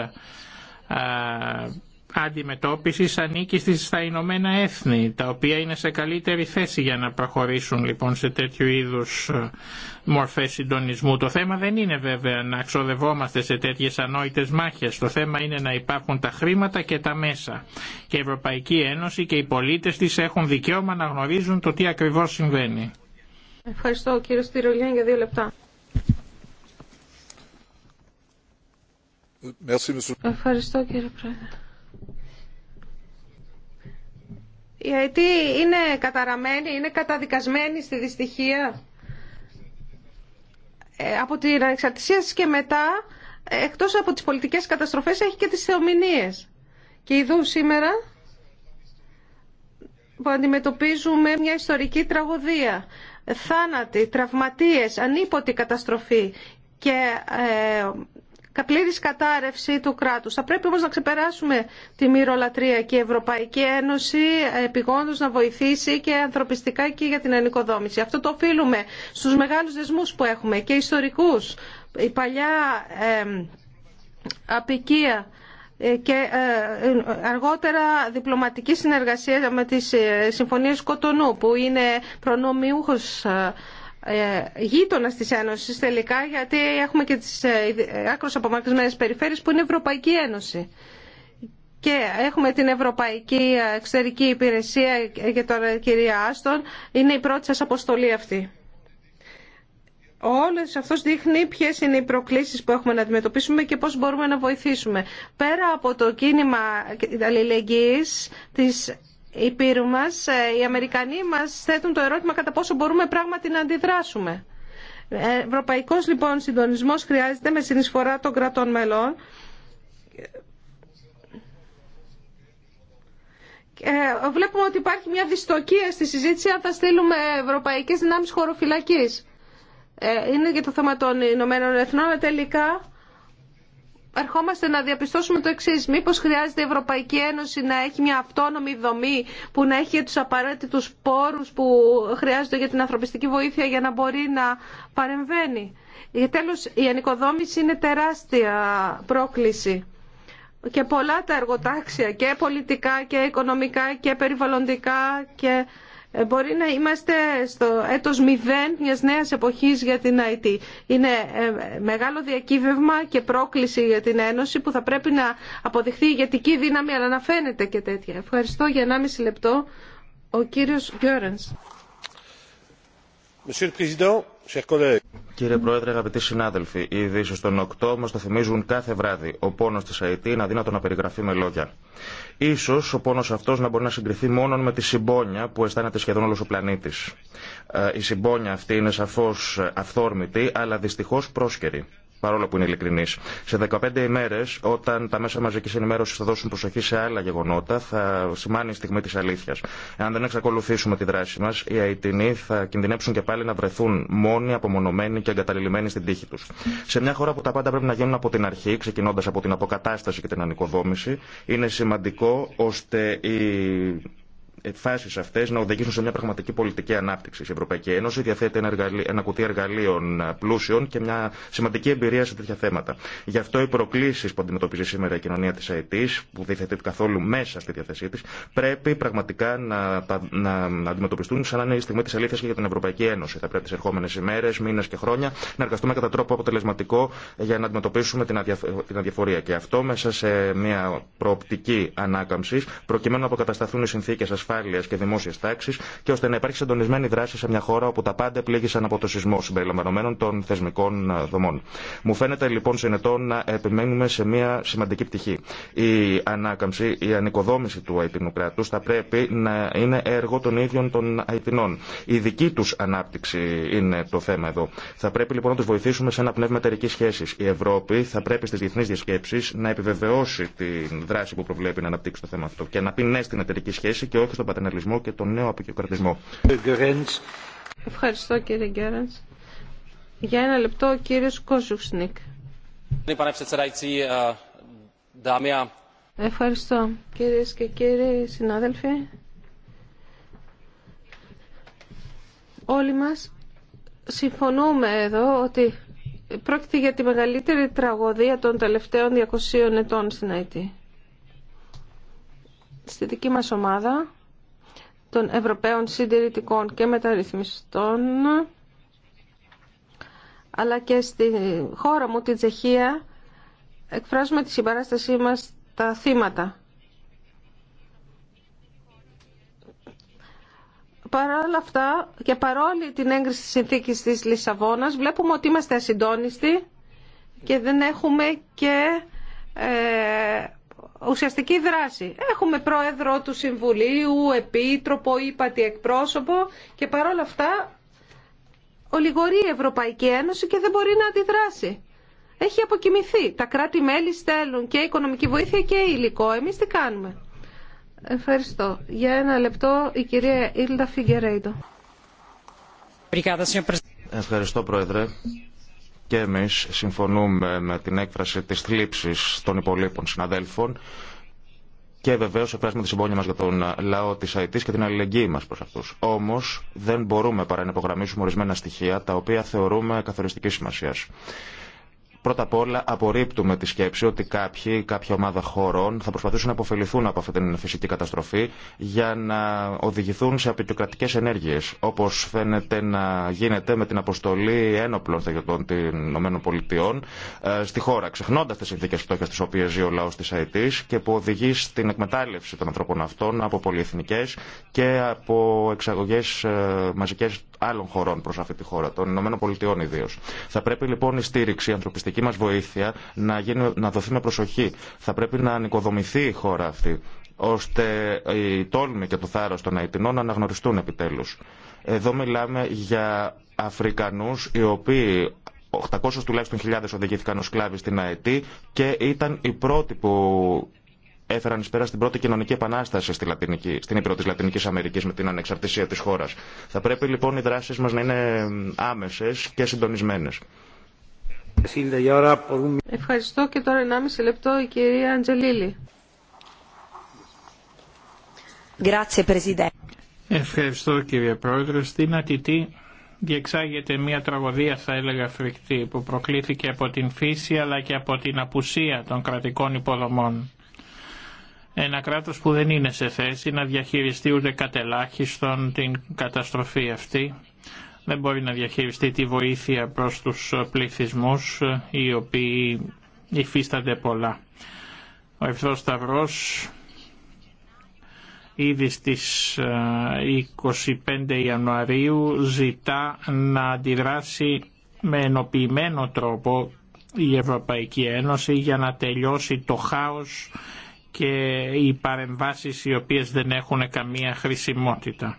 Αντιμετώπιση ανήκει στις, στα Ηνωμένα Έθνη, τα οποία είναι σε καλύτερη θέση για να προχωρήσουν λοιπόν σε τέτοιου είδους ε, μορφές συντονισμού. Το θέμα δεν είναι βέβαια να ξοδευόμαστε σε τέτοιες ανόητες μάχες. Το θέμα είναι να υπάρχουν τα χρήματα και τα μέσα. Και η Ευρωπαϊκή Ένωση και οι πολίτες της έχουν δικαίωμα να γνωρίζουν το τι ακριβώς συμβαίνει. Ευχαριστώ κύριο Στυρολιάν για δύο λεπτά. Ευχαριστώ κύριε Πρόεδρε. γιατί είναι καταραμένη, είναι καταδικασμένη στη δυστυχία ε, από την ανεξαρτησία και μετά, ε, εκτός από τις πολιτικές καταστροφές, έχει και τις θεομηνίες. Και ειδού σήμερα που αντιμετωπίζουμε μια ιστορική τραγωδία. Θάνατοι, τραυματίες, ανίποτη καταστροφή και ε, πλήρης κατάρρευση του κράτους. Θα πρέπει όμως να ξεπεράσουμε τη μυρολατρία και η Ευρωπαϊκή Ένωση ε, επιγόντως να βοηθήσει και ανθρωπιστικά και για την ενοικοδόμηση. Αυτό το οφείλουμε στους μεγάλους δεσμούς που έχουμε και ιστορικούς. Η παλιά ε, απικία και ε, αργότερα διπλωματική συνεργασία με τις ε, συμφωνίες Κοτονού που είναι προνομιούχος ε, γείτονα τη Ένωση τελικά γιατί έχουμε και τις ε, ε, άκρως απομακρυσμένες περιφέρειες που είναι Ευρωπαϊκή Ένωση. Και έχουμε την Ευρωπαϊκή Εξωτερική Υπηρεσία και τώρα κυρία Άστον είναι η πρώτη σας αποστολή αυτή. Όλες αυτός δείχνει ποιες είναι οι προκλήσεις που έχουμε να αντιμετωπίσουμε και πώς μπορούμε να βοηθήσουμε. Πέρα από το κίνημα αλληλεγγύης της ε, οι Αμερικανοί μας θέτουν το ερώτημα κατά πόσο μπορούμε πράγματι να αντιδράσουμε. Ε, ευρωπαϊκός λοιπόν συντονισμό χρειάζεται με συνεισφορά των κρατών μελών ε, βλέπουμε ότι υπάρχει μια δυστοκία στη συζήτηση αν θα στείλουμε ευρωπαϊκές δυνάμεις χωροφυλακής. είναι για το θέμα των Ηνωμένων Εθνών, αλλά τελικά ερχόμαστε να διαπιστώσουμε το εξή. Μήπω χρειάζεται η Ευρωπαϊκή Ένωση να έχει μια αυτόνομη δομή που να έχει του απαραίτητου πόρου που χρειάζονται για την ανθρωπιστική βοήθεια για να μπορεί να παρεμβαίνει. Ε, Τέλο, η ανοικοδόμηση είναι τεράστια πρόκληση. Και πολλά τα εργοτάξια και πολιτικά και οικονομικά και περιβαλλοντικά και ε, μπορεί να είμαστε στο έτος μηδέν μιας νέας εποχής για την IT. Είναι ε, μεγάλο διακύβευμα και πρόκληση για την Ένωση που θα πρέπει να αποδειχθεί ηγετική δύναμη, αλλά να φαίνεται και τέτοια. Ευχαριστώ για 1,5 λεπτό. Ο κύριος Γκέρενς. Κύριε Πρόεδρε, αγαπητοί συνάδελφοι, οι ειδήσει των 8 μα το θυμίζουν κάθε βράδυ. Ο πόνο τη ΑΕΤ είναι αδύνατο να περιγραφεί με λόγια. Ίσως ο πόνος αυτό να μπορεί να συγκριθεί μόνο με τη συμπόνια που αισθάνεται σχεδόν όλο ο πλανήτη. Ε, η συμπόνια αυτή είναι σαφώ αυθόρμητη, αλλά δυστυχώ πρόσκαιρη παρόλο που είναι ειλικρινή. Σε 15 ημέρε, όταν τα μέσα μαζική ενημέρωση θα δώσουν προσοχή σε άλλα γεγονότα, θα σημάνει η στιγμή τη αλήθεια. Εάν δεν εξακολουθήσουμε τη δράση μα, οι Αιτινοί θα κινδυνεύσουν και πάλι να βρεθούν μόνοι, απομονωμένοι και εγκαταλειμμένοι στην τύχη του. Σε μια χώρα που τα πάντα πρέπει να γίνουν από την αρχή, ξεκινώντα από την αποκατάσταση και την ανοικοδόμηση, είναι σημαντικό ώστε οι φάσει αυτέ να οδηγήσουν σε μια πραγματική πολιτική ανάπτυξη. Η Ευρωπαϊκή Ένωση διαθέτει ένα, εργαλείο, ένα κουτί εργαλείων ε, πλούσιων και μια σημαντική εμπειρία σε τέτοια θέματα. Γι' αυτό οι προκλήσει που αντιμετωπίζει σήμερα η κοινωνία τη ΑΕΤ, που διθέτει καθόλου μέσα στη διαθεσή τη, πρέπει πραγματικά να, να, να αντιμετωπιστούν σαν να είναι η στιγμή τη αλήθεια και για την Ευρωπαϊκή Ένωση. Θα πρέπει τι ερχόμενε ημέρε, μήνε και χρόνια να εργαστούμε κατά τρόπο αποτελεσματικό για να αντιμετωπίσουμε την, την αδιαφορία. Και αυτό μέσα σε μια προοπτική ανάκαμψη, προκειμένου να αποκατασταθούν οι συνθήκε ασφάλεια ασφάλεια και δημόσια τάξη και ώστε να υπάρχει συντονισμένη δράση σε μια χώρα όπου τα πάντα πλήγησαν από το σεισμό συμπεριλαμβανομένων των θεσμικών ε, δομών. Μου φαίνεται λοιπόν συνετό να επιμένουμε σε μια σημαντική πτυχή. Η ανάκαμψη, η ανοικοδόμηση του Αιτινού κράτου θα πρέπει να είναι έργο των ίδιων των Αιτινών. Η δική του ανάπτυξη είναι το θέμα εδώ. Θα πρέπει λοιπόν να του βοηθήσουμε σε ένα πνεύμα εταιρική σχέση. Η Ευρώπη θα πρέπει στι διεθνεί διασκέψει να επιβεβαιώσει τη δράση που προβλέπει να αναπτύξει το θέμα αυτό και να πει ναι στην εταιρική σχέση και όχι στο τον πατερναλισμό και τον νέο αποκεκρατισμό. Ευχαριστώ κύριε Γκέρανς. Για ένα λεπτό ο κύριος Κόζουξνικ. Ναι, ε, Ευχαριστώ κυρίες και κύριοι συνάδελφοι. Όλοι μας συμφωνούμε εδώ ότι πρόκειται για τη μεγαλύτερη τραγωδία των τελευταίων 200 ετών στην ΑΕΤ. Στη δική μας ομάδα των Ευρωπαίων συντηρητικών και μεταρρυθμιστών αλλά και στη χώρα μου, την Τσεχία, εκφράζουμε τη συμπαράστασή μας τα θύματα. Παρ' όλα αυτά και παρόλη την έγκριση της συνθήκης της Λισαβόνας βλέπουμε ότι είμαστε ασυντόνιστοι και δεν έχουμε και ε, ουσιαστική δράση. Έχουμε πρόεδρο του Συμβουλίου, επίτροπο, ύπατη εκπρόσωπο και παρόλα αυτά ολιγορεί η Ευρωπαϊκή Ένωση και δεν μπορεί να αντιδράσει. Έχει αποκοιμηθεί. Τα κράτη-μέλη στέλνουν και οικονομική βοήθεια και υλικό. Εμείς τι κάνουμε. Ευχαριστώ. Για ένα λεπτό η κυρία Ήλτα Φιγκερέιντο. Ευχαριστώ, Πρόεδρε και εμείς συμφωνούμε με την έκφραση της θλίψης των υπολείπων συναδέλφων και βεβαίως εκφράζουμε τη συμπόνια μας για τον λαό της ΑΕΤ και την αλληλεγγύη μας προς αυτούς. Όμως δεν μπορούμε παρά να υπογραμμίσουμε ορισμένα στοιχεία τα οποία θεωρούμε καθοριστική σημασίας. Πρώτα απ' όλα απορρίπτουμε τη σκέψη ότι κάποιοι, κάποια ομάδα χωρών θα προσπαθήσουν να αποφεληθούν από αυτή την φυσική καταστροφή για να οδηγηθούν σε απεικιοκρατικές ενέργειες, όπως φαίνεται να γίνεται με την αποστολή ένοπλων στρατιωτών των ΗΠΑ ε, στη χώρα, ξεχνώντας τις συνθήκες φτώχειας τι οποίες ζει ο λαός της ΑΕΤ και που οδηγεί στην εκμετάλλευση των ανθρώπων αυτών από πολυεθνικές και από εξαγωγές ε, μαζικές άλλων χωρών προ αυτή τη χώρα, των ΗΠΑ ιδίω. Θα πρέπει λοιπόν η στήριξη ανθρωπιστική ανθρωπιστική μας βοήθεια να, γίνει, να δοθεί με προσοχή. Θα πρέπει να ανοικοδομηθεί η χώρα αυτή ώστε η τόλμη και το θάρρος των Αιτινών να αναγνωριστούν επιτέλους. Εδώ μιλάμε για Αφρικανούς οι οποίοι 800 τουλάχιστον χιλιάδες οδηγήθηκαν ως σκλάβοι στην ΑΕΤ και ήταν οι πρώτοι που έφεραν εις πέρα στην πρώτη κοινωνική επανάσταση στη Λατινική, στην Ήπειρο της Λατινικής Αμερικής με την ανεξαρτησία της χώρας. Θα πρέπει λοιπόν οι δράσεις μας να είναι άμεσες και συντονισμένες. Ευχαριστώ και τώρα 1,5 λεπτό η κυρία Αντζελίλη. Ευχαριστώ κύριε Πρόεδρε. Στην Αττική διεξάγεται μια τραγωδία θα έλεγα φρικτή που προκλήθηκε από την φύση αλλά και από την απουσία των κρατικών υποδομών. Ένα κράτος που δεν είναι σε θέση να διαχειριστεί ούτε κατελάχιστον την καταστροφή αυτή δεν μπορεί να διαχειριστεί τη βοήθεια προς τους πληθυσμούς οι οποίοι υφίστανται πολλά. Ο Ευθρός Σταυρός ήδη στις 25 ε, Ιανουαρίου ζητά να αντιδράσει με ενοποιημένο τρόπο η Ευρωπαϊκή Ένωση για να τελειώσει το χάος και οι παρεμβάσεις οι οποίες δεν έχουν καμία χρησιμότητα.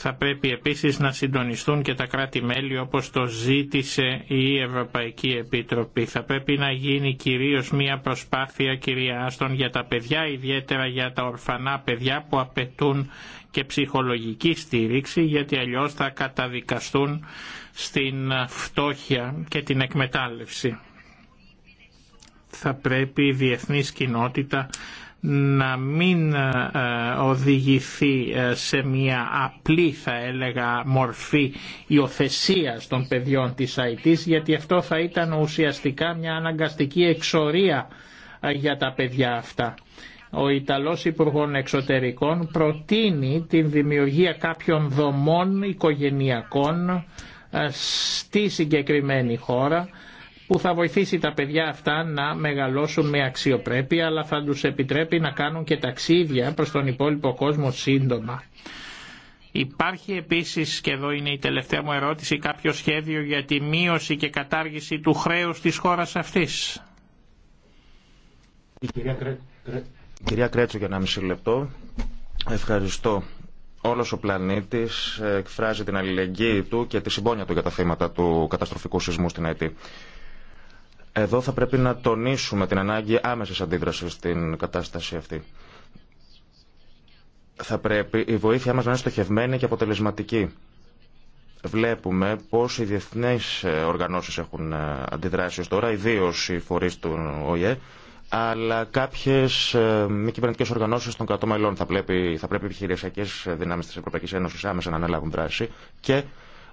Θα πρέπει επίσης να συντονιστούν και τα κράτη-μέλη όπως το ζήτησε η Ευρωπαϊκή Επίτροπη. Θα πρέπει να γίνει κυρίως μια προσπάθεια κυρία Άστον για τα παιδιά, ιδιαίτερα για τα ορφανά παιδιά που απαιτούν και ψυχολογική στήριξη γιατί αλλιώς θα καταδικαστούν στην φτώχεια και την εκμετάλλευση. Θα πρέπει η διεθνής κοινότητα να μην ε, οδηγηθεί ε, σε μια απλή θα έλεγα μορφή υιοθεσία των παιδιών της ΑΕΤΙΣ γιατί αυτό θα ήταν ουσιαστικά μια αναγκαστική εξορία ε, για τα παιδιά αυτά. Ο Ιταλός Υπουργών Εξωτερικών προτείνει την δημιουργία κάποιων δομών οικογενειακών στη συγκεκριμένη χώρα που θα βοηθήσει τα παιδιά αυτά να μεγαλώσουν με αξιοπρέπεια αλλά θα τους επιτρέπει να κάνουν και ταξίδια προς τον υπόλοιπο κόσμο σύντομα. Υπάρχει επίσης, και εδώ είναι η τελευταία μου ερώτηση, κάποιο σχέδιο για τη μείωση και κατάργηση του χρέους της χώρας αυτής. κυρία, Κρέτσο για ένα μισή λεπτό. Ευχαριστώ. Όλος ο πλανήτης εκφράζει την αλληλεγγύη του και τη συμπόνια του για τα θύματα του καταστροφικού σεισμού στην Αίτη. Εδώ θα πρέπει να τονίσουμε την ανάγκη άμεσης αντίδρασης στην κατάσταση αυτή. Θα πρέπει η βοήθειά μας να είναι στοχευμένη και αποτελεσματική. Βλέπουμε πώς οι διεθνείς ε, οργανώσεις έχουν ε, αντιδράσει τώρα, ιδίω οι φορείς του ΟΗΕ, αλλά κάποιε ε, μη κυβερνητικέ οργανώσει των κρατών μελών θα πρέπει, θα πρέπει επιχειρησιακέ δυνάμει τη Ευρωπαϊκή άμεσα να αναλάβουν δράση και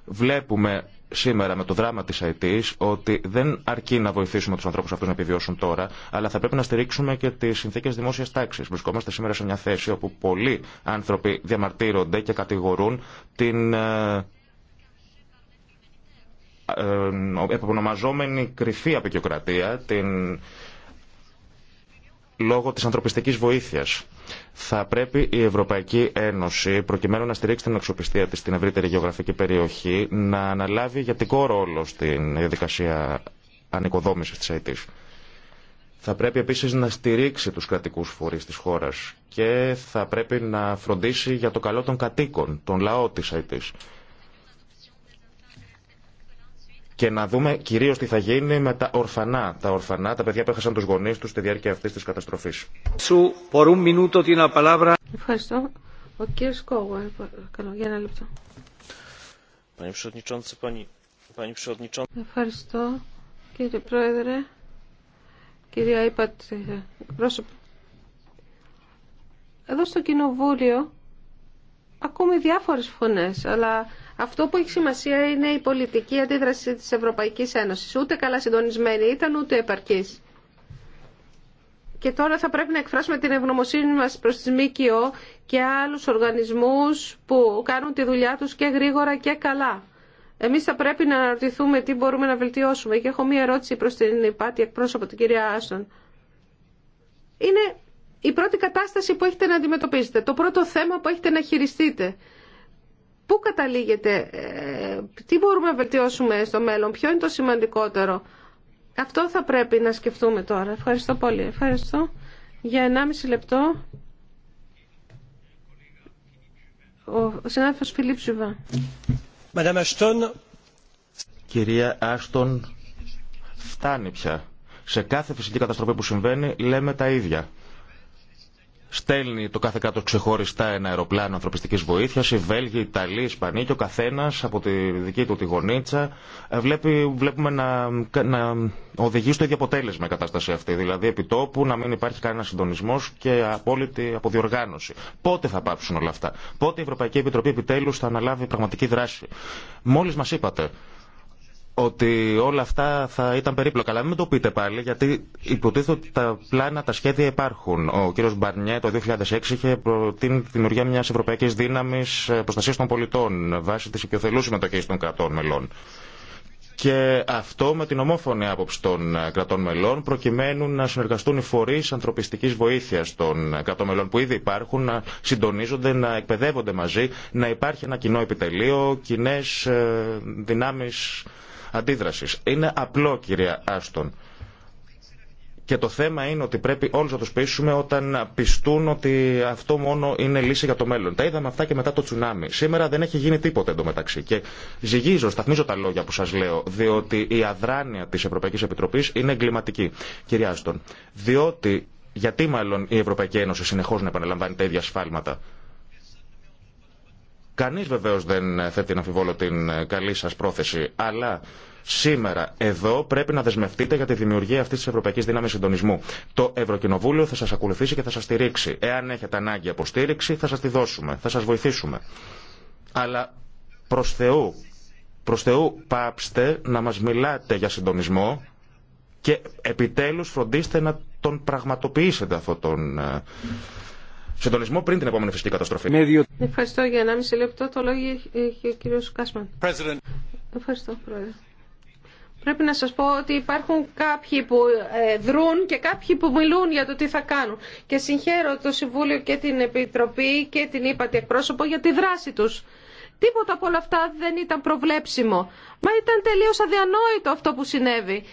Βλέπουμε σήμερα με το δράμα της ΑΕΤΗΣ ότι δεν αρκεί να βοηθήσουμε τους ανθρώπους αυτούς να επιβιώσουν τώρα, αλλά θα πρέπει να στηρίξουμε και τις συνθήκες δημόσιας τάξης. Βρισκόμαστε σήμερα σε μια θέση όπου πολλοί άνθρωποι διαμαρτύρονται και κατηγορούν την ε, ε, επωνομαζόμενη κρυφή απεικιοκρατία την... λόγω της ανθρωπιστικής βοήθειας. Θα πρέπει η Ευρωπαϊκή Ένωση, προκειμένου να στηρίξει την αξιοπιστία της στην ευρύτερη γεωγραφική περιοχή, να αναλάβει ηγετικό ρόλο στην διαδικασία ανοικοδόμησης της ΑΕΤ. Θα πρέπει επίσης να στηρίξει τους κρατικούς φορείς της χώρας και θα πρέπει να φροντίσει για το καλό των κατοίκων, των λαών της ΑΕΤ και να δούμε κυρίω τι θα γίνει με τα ορφανά, τα ορφανά, τα παιδιά που έχασαν του γονεί του στη διάρκεια αυτή τη καταστροφή. Σου μινούτο την απαλάβρα. Ευχαριστώ. Ο κύριο Κόγουα, παρακαλώ, για ένα λεπτό. Ευχαριστώ, κύριε Πρόεδρε. Κυρία Ήπατη, πρόσωπο. Εδώ στο Κοινοβούλιο ακούμε διάφορες φωνές, αλλά αυτό που έχει σημασία είναι η πολιτική αντίδραση της Ευρωπαϊκής Ένωσης. Ούτε καλά συντονισμένη ήταν, ούτε επαρκής. Και τώρα θα πρέπει να εκφράσουμε την ευγνωμοσύνη μας προς τις ΜΚΟ και άλλους οργανισμούς που κάνουν τη δουλειά τους και γρήγορα και καλά. Εμείς θα πρέπει να αναρωτηθούμε τι μπορούμε να βελτιώσουμε. Και έχω μία ερώτηση προς την υπάτη εκπρόσωπο, την κυρία Άστον. Είναι η πρώτη κατάσταση που έχετε να αντιμετωπίσετε, το πρώτο θέμα που έχετε να χειριστείτε. Πού καταλήγεται, ε, τι μπορούμε να βελτιώσουμε στο μέλλον, ποιο είναι το σημαντικότερο. Αυτό θα πρέπει να σκεφτούμε τώρα. Ευχαριστώ πολύ. Ευχαριστώ. Για 1,5 λεπτό. Ο συνάδελφος Φιλίπ Σουβά. Κυρία Άστον, φτάνει πια. Σε κάθε φυσική καταστροφή που συμβαίνει λέμε τα ίδια στέλνει το κάθε κράτο ξεχωριστά ένα αεροπλάνο ανθρωπιστική βοήθεια, οι Βέλγοι, οι Ιταλοί, οι Ισπανοί και ο καθένα από τη δική του τη γωνίτσα ε, βλέπει, βλέπουμε να, να οδηγεί στο ίδιο αποτέλεσμα η κατάσταση αυτή. Δηλαδή επιτόπου να μην υπάρχει κανένα συντονισμό και απόλυτη αποδιοργάνωση. Πότε θα πάψουν όλα αυτά, πότε η Ευρωπαϊκή Επιτροπή επιτέλου θα αναλάβει πραγματική δράση. Μόλι μα είπατε ότι όλα αυτά θα ήταν περίπλοκα. Αλλά μην το πείτε πάλι, γιατί υποτίθεται ότι τα πλάνα, τα σχέδια υπάρχουν. Ο κύριο Μπαρνιέ το 2006 είχε προτείνει τη δημιουργία μια ευρωπαϊκή δύναμη ε, προστασία των πολιτών βάσει τη οικειοθελού συμμετοχή των κρατών μελών. Και αυτό με την ομόφωνη άποψη των ε, κρατών μελών, προκειμένου να συνεργαστούν οι φορεί ανθρωπιστική βοήθεια των ε, κρατών μελών που ήδη υπάρχουν, να συντονίζονται, να εκπαιδεύονται μαζί, να υπάρχει ένα κοινό επιτελείο, κοινέ δυνάμει αντίδρασης. Είναι απλό κυρία Άστον. Και το θέμα είναι ότι πρέπει όλου να του πείσουμε όταν πιστούν ότι αυτό μόνο είναι λύση για το μέλλον. Τα είδαμε αυτά και μετά το τσουνάμι. Σήμερα δεν έχει γίνει τίποτα εντωμεταξύ. Και ζυγίζω, σταθμίζω τα λόγια που σα λέω, διότι η αδράνεια τη Ευρωπαϊκή Επιτροπή είναι εγκληματική. Κυρία Άστον, διότι γιατί μάλλον η Ευρωπαϊκή Ένωση συνεχώ να επαναλαμβάνει τα ίδια σφάλματα. Κανείς βεβαίως δεν θέτει να αφιβόλω την ε, καλή σας πρόθεση, αλλά σήμερα εδώ πρέπει να δεσμευτείτε για τη δημιουργία αυτής της Ευρωπαϊκής Δύναμης Συντονισμού. Το Ευρωκοινοβούλιο θα σας ακολουθήσει και θα σας στηρίξει. Εάν έχετε ανάγκη από στήριξη, θα σας τη δώσουμε, θα σας βοηθήσουμε. Αλλά προς Θεού, προς Θεού πάψτε να μας μιλάτε για συντονισμό και επιτέλους φροντίστε να τον πραγματοποιήσετε αυτόν τον ε, συντονισμό πριν την επόμενη φυσική καταστροφή. Ευχαριστώ για μισή λεπτό. Το λόγο έχει ο κύριο Κάσμαν. Ευχαριστώ, Πρόεδρε. Πρέπει να σας πω ότι υπάρχουν κάποιοι που ε, δρούν και κάποιοι που μιλούν για το τι θα κάνουν. Και συγχαίρω το Συμβούλιο και την Επιτροπή και την ύπατη εκπρόσωπο για τη δράση τους. Τίποτα από όλα αυτά δεν ήταν προβλέψιμο. Μα ήταν τελείως αδιανόητο αυτό που συνέβη.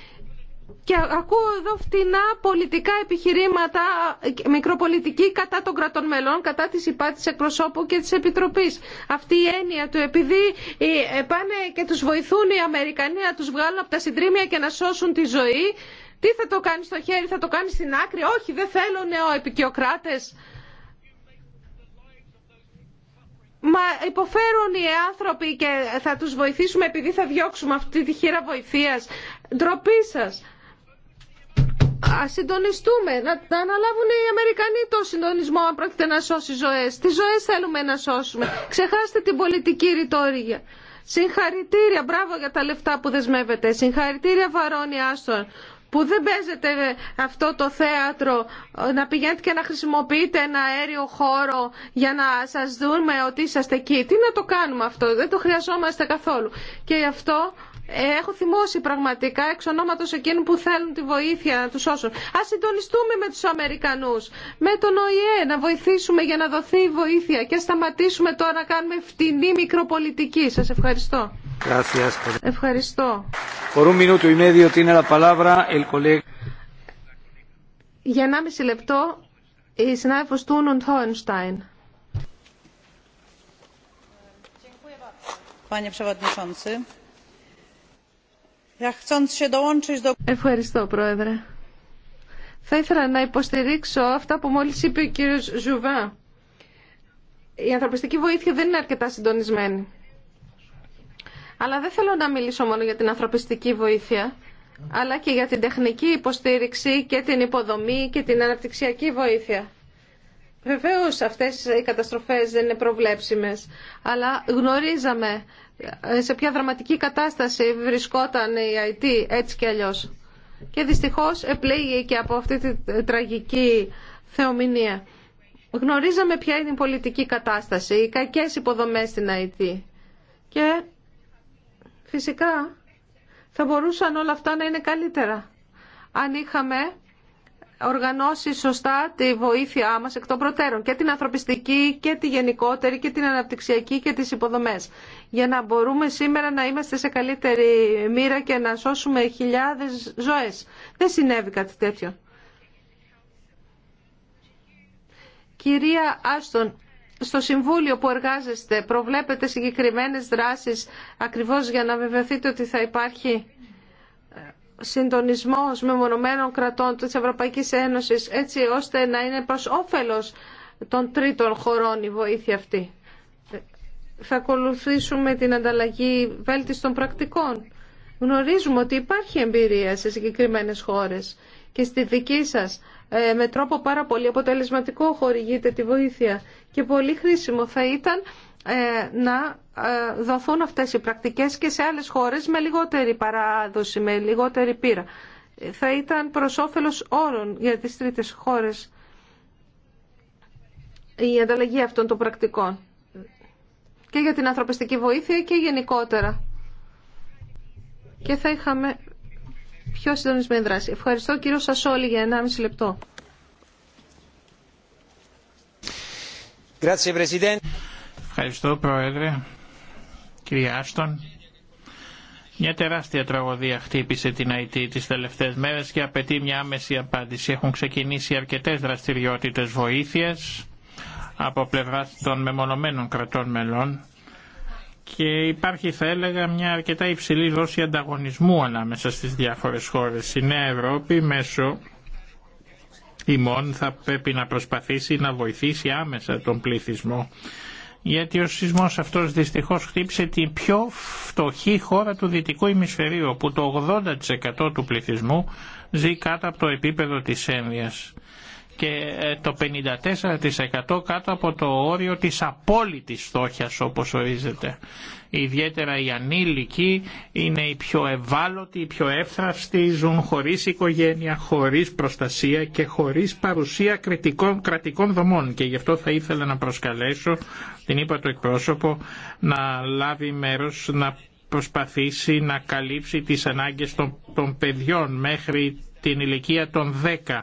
Και ακούω εδώ φτηνά πολιτικά επιχειρήματα, μικροπολιτική κατά των κρατών μελών, κατά της υπά της εκπροσώπου και της Επιτροπής. Αυτή η έννοια του επειδή ε, πάνε και τους βοηθούν οι Αμερικανοί να τους βγάλουν από τα συντρίμια και να σώσουν τη ζωή, τι θα το κάνει στο χέρι, θα το κάνει στην άκρη. Όχι, δεν θέλω επικοιοκράτες. Μα υποφέρουν οι άνθρωποι και θα τους βοηθήσουμε επειδή θα διώξουμε αυτή τη χείρα βοηθείας. Ντροπή σας. Α συντονιστούμε, να, να αναλάβουν οι Αμερικανοί το συντονισμό αν πρόκειται να σώσει ζωέ. Τι ζωέ θέλουμε να σώσουμε. Ξεχάστε την πολιτική ρητόρια. Συγχαρητήρια, μπράβο για τα λεφτά που δεσμεύετε. Συγχαρητήρια, Βαρόνι Άστον, που δεν παίζετε αυτό το θέατρο να πηγαίνετε και να χρησιμοποιείτε ένα αέριο χώρο για να σας δούμε ότι είσαστε εκεί. Τι να το κάνουμε αυτό, δεν το χρειαζόμαστε καθόλου. Και γι' αυτό ε, έχω θυμώσει πραγματικά εξ ονόματο εκείνου που θέλουν τη βοήθεια να τους σώσουν. Ας συντονιστούμε με τους Αμερικανούς, με τον ΟΗΕ να βοηθήσουμε για να δοθεί η βοήθεια και σταματήσουμε τώρα να κάνουμε φτηνή μικροπολιτική. Σας ευχαριστώ. Ευχαριστώ. Por un minuto tiene la palabra el Για 1,5 λεπτό η συνάδελφος Τούνον Χόενστάιν. Panie Przewodniczący, Ευχαριστώ, Πρόεδρε. Θα ήθελα να υποστηρίξω αυτά που μόλις είπε ο κύριος Ζουβά. Η ανθρωπιστική βοήθεια δεν είναι αρκετά συντονισμένη. Αλλά δεν θέλω να μιλήσω μόνο για την ανθρωπιστική βοήθεια, αλλά και για την τεχνική υποστήριξη και την υποδομή και την αναπτυξιακή βοήθεια. Βεβαίως αυτές οι καταστροφές δεν είναι προβλέψιμες, αλλά γνωρίζαμε σε ποια δραματική κατάσταση βρισκόταν η ΑΕΤ έτσι και αλλιώς. Και δυστυχώς επλήγει και από αυτή τη τραγική θεομηνία. Γνωρίζαμε ποια είναι η πολιτική κατάσταση, οι κακές υποδομές στην IT. Και φυσικά θα μπορούσαν όλα αυτά να είναι καλύτερα αν είχαμε οργανώσει σωστά τη βοήθειά μας εκ των προτέρων και την ανθρωπιστική και τη γενικότερη και την αναπτυξιακή και τις υποδομές για να μπορούμε σήμερα να είμαστε σε καλύτερη μοίρα και να σώσουμε χιλιάδες ζωές. Δεν συνέβη κάτι τέτοιο. Κυρία Άστον, στο Συμβούλιο που εργάζεστε προβλέπετε συγκεκριμένες δράσεις ακριβώς για να βεβαιωθείτε ότι θα υπάρχει συντονισμός μεμονωμένων κρατών της Ευρωπαϊκής Ένωσης έτσι ώστε να είναι προς όφελος των τρίτων χωρών η βοήθεια αυτή. Θα ακολουθήσουμε την ανταλλαγή βέλτιστων πρακτικών. Γνωρίζουμε ότι υπάρχει εμπειρία σε συγκεκριμένες χώρες και στη δική σας ε, με τρόπο πάρα πολύ αποτελεσματικό χορηγείτε τη βοήθεια και πολύ χρήσιμο θα ήταν ε, να ε, δοθούν αυτές οι πρακτικές και σε άλλες χώρες με λιγότερη παράδοση, με λιγότερη πείρα. Θα ήταν προς όφελος όρων για τις τρίτες χώρες η ανταλλαγή αυτών των πρακτικών και για την ανθρωπιστική βοήθεια και γενικότερα. Και θα είχαμε πιο συντονισμένη δράση. Ευχαριστώ κύριο Σασόλη για 1,5 λεπτό. Ευχαριστώ Πρόεδρε, κυρία Άστον. Μια τεράστια τραγωδία χτύπησε την ΑΕΤ τις τελευταίες μέρες και απαιτεί μια άμεση απάντηση. Έχουν ξεκινήσει αρκετές δραστηριότητες βοήθειας από πλευρά των μεμονωμένων κρατών μελών και υπάρχει θα έλεγα μια αρκετά υψηλή δόση ανταγωνισμού ανάμεσα στις διάφορες χώρες. Η Νέα Ευρώπη μέσω ημών θα πρέπει να προσπαθήσει να βοηθήσει άμεσα τον πληθυσμό γιατί ο σεισμός αυτός δυστυχώς χτύπησε την πιο φτωχή χώρα του δυτικού ημισφαιρίου, όπου το 80% του πληθυσμού ζει κάτω από το επίπεδο της ένδυας και ε, το 54% κάτω από το όριο της απόλυτης στόχιας όπως ορίζεται. Ιδιαίτερα οι ανήλικοι είναι οι πιο ευάλωτοι, οι πιο εύθραυστοι, ζουν χωρίς οικογένεια, χωρίς προστασία και χωρίς παρουσία κρατικών δομών. Και γι' αυτό θα ήθελα να προσκαλέσω την είπα το εκπρόσωπο να λάβει μέρος, να προσπαθήσει να καλύψει τις ανάγκες των, των παιδιών μέχρι την ηλικία των 10.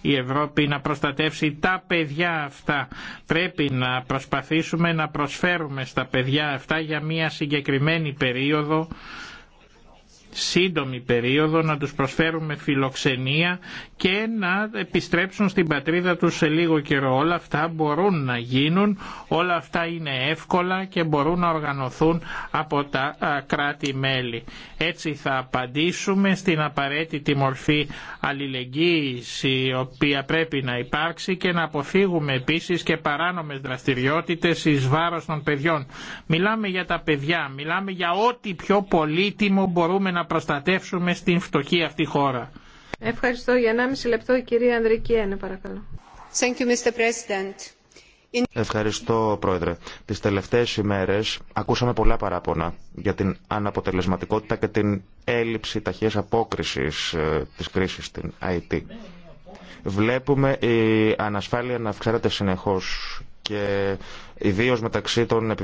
Η Ευρώπη να προστατεύσει τα παιδιά αυτά. Πρέπει να προσπαθήσουμε να προσφέρουμε στα παιδιά αυτά για μια συγκεκριμένη περίοδο σύντομη περίοδο να τους προσφέρουμε φιλοξενία και να επιστρέψουν στην πατρίδα τους σε λίγο καιρό. Όλα αυτά μπορούν να γίνουν, όλα αυτά είναι εύκολα και μπορούν να οργανωθούν από τα κράτη-μέλη. Έτσι θα απαντήσουμε στην απαραίτητη μορφή αλληλεγγύης η οποία πρέπει να υπάρξει και να αποφύγουμε επίσης και παράνομες δραστηριότητες εις βάρος των παιδιών. Μιλάμε για τα παιδιά, μιλάμε για ό,τι πιο πολύτιμο μπορούμε να προστατεύσουμε στην φτωχή αυτή χώρα. Ευχαριστώ. Για 1,5 λεπτό η κυρία Ανδρική Ένε, παρακαλώ. Ευχαριστώ, Πρόεδρε. Τις τελευταίες ημέρες ακούσαμε πολλά παράπονα για την αναποτελεσματικότητα και την έλλειψη ταχείας απόκρισης ε, της κρίσης στην IT. Βλέπουμε η ανασφάλεια να αυξάνεται συνεχώς και ιδίω μεταξύ των,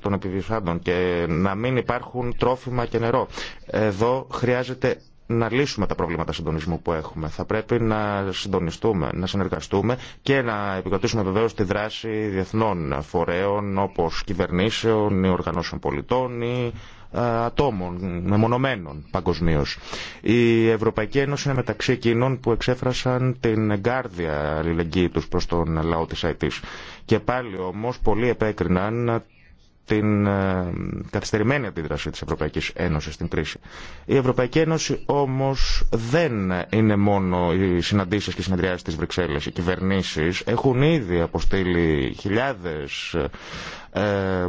των επιβιωσάντων και να μην υπάρχουν τρόφιμα και νερό. Εδώ χρειάζεται να λύσουμε τα προβλήματα συντονισμού που έχουμε. Θα πρέπει να συντονιστούμε, να συνεργαστούμε και να επικρατήσουμε βεβαίω τη δράση διεθνών φορέων όπως κυβερνήσεων ή οργανώσεων πολιτών ή ε, ατόμων, μεμονωμένων παγκοσμίω. Η Ευρωπαϊκή Ένωση είναι μεταξύ εκείνων που εξέφρασαν την εγκάρδια αλληλεγγύη τους προ τον λαό της Αιτή. Και πάλι όμως πολλοί επέκριναν την ε, καθυστερημένη αντίδραση της Ευρωπαϊκής Ένωσης στην κρίση. Η Ευρωπαϊκή Ένωση όμως δεν είναι μόνο οι συναντήσεις και συνεδριάσεις της Βρυξέλλες. Οι κυβερνήσεις έχουν ήδη αποστείλει χιλιάδες ε,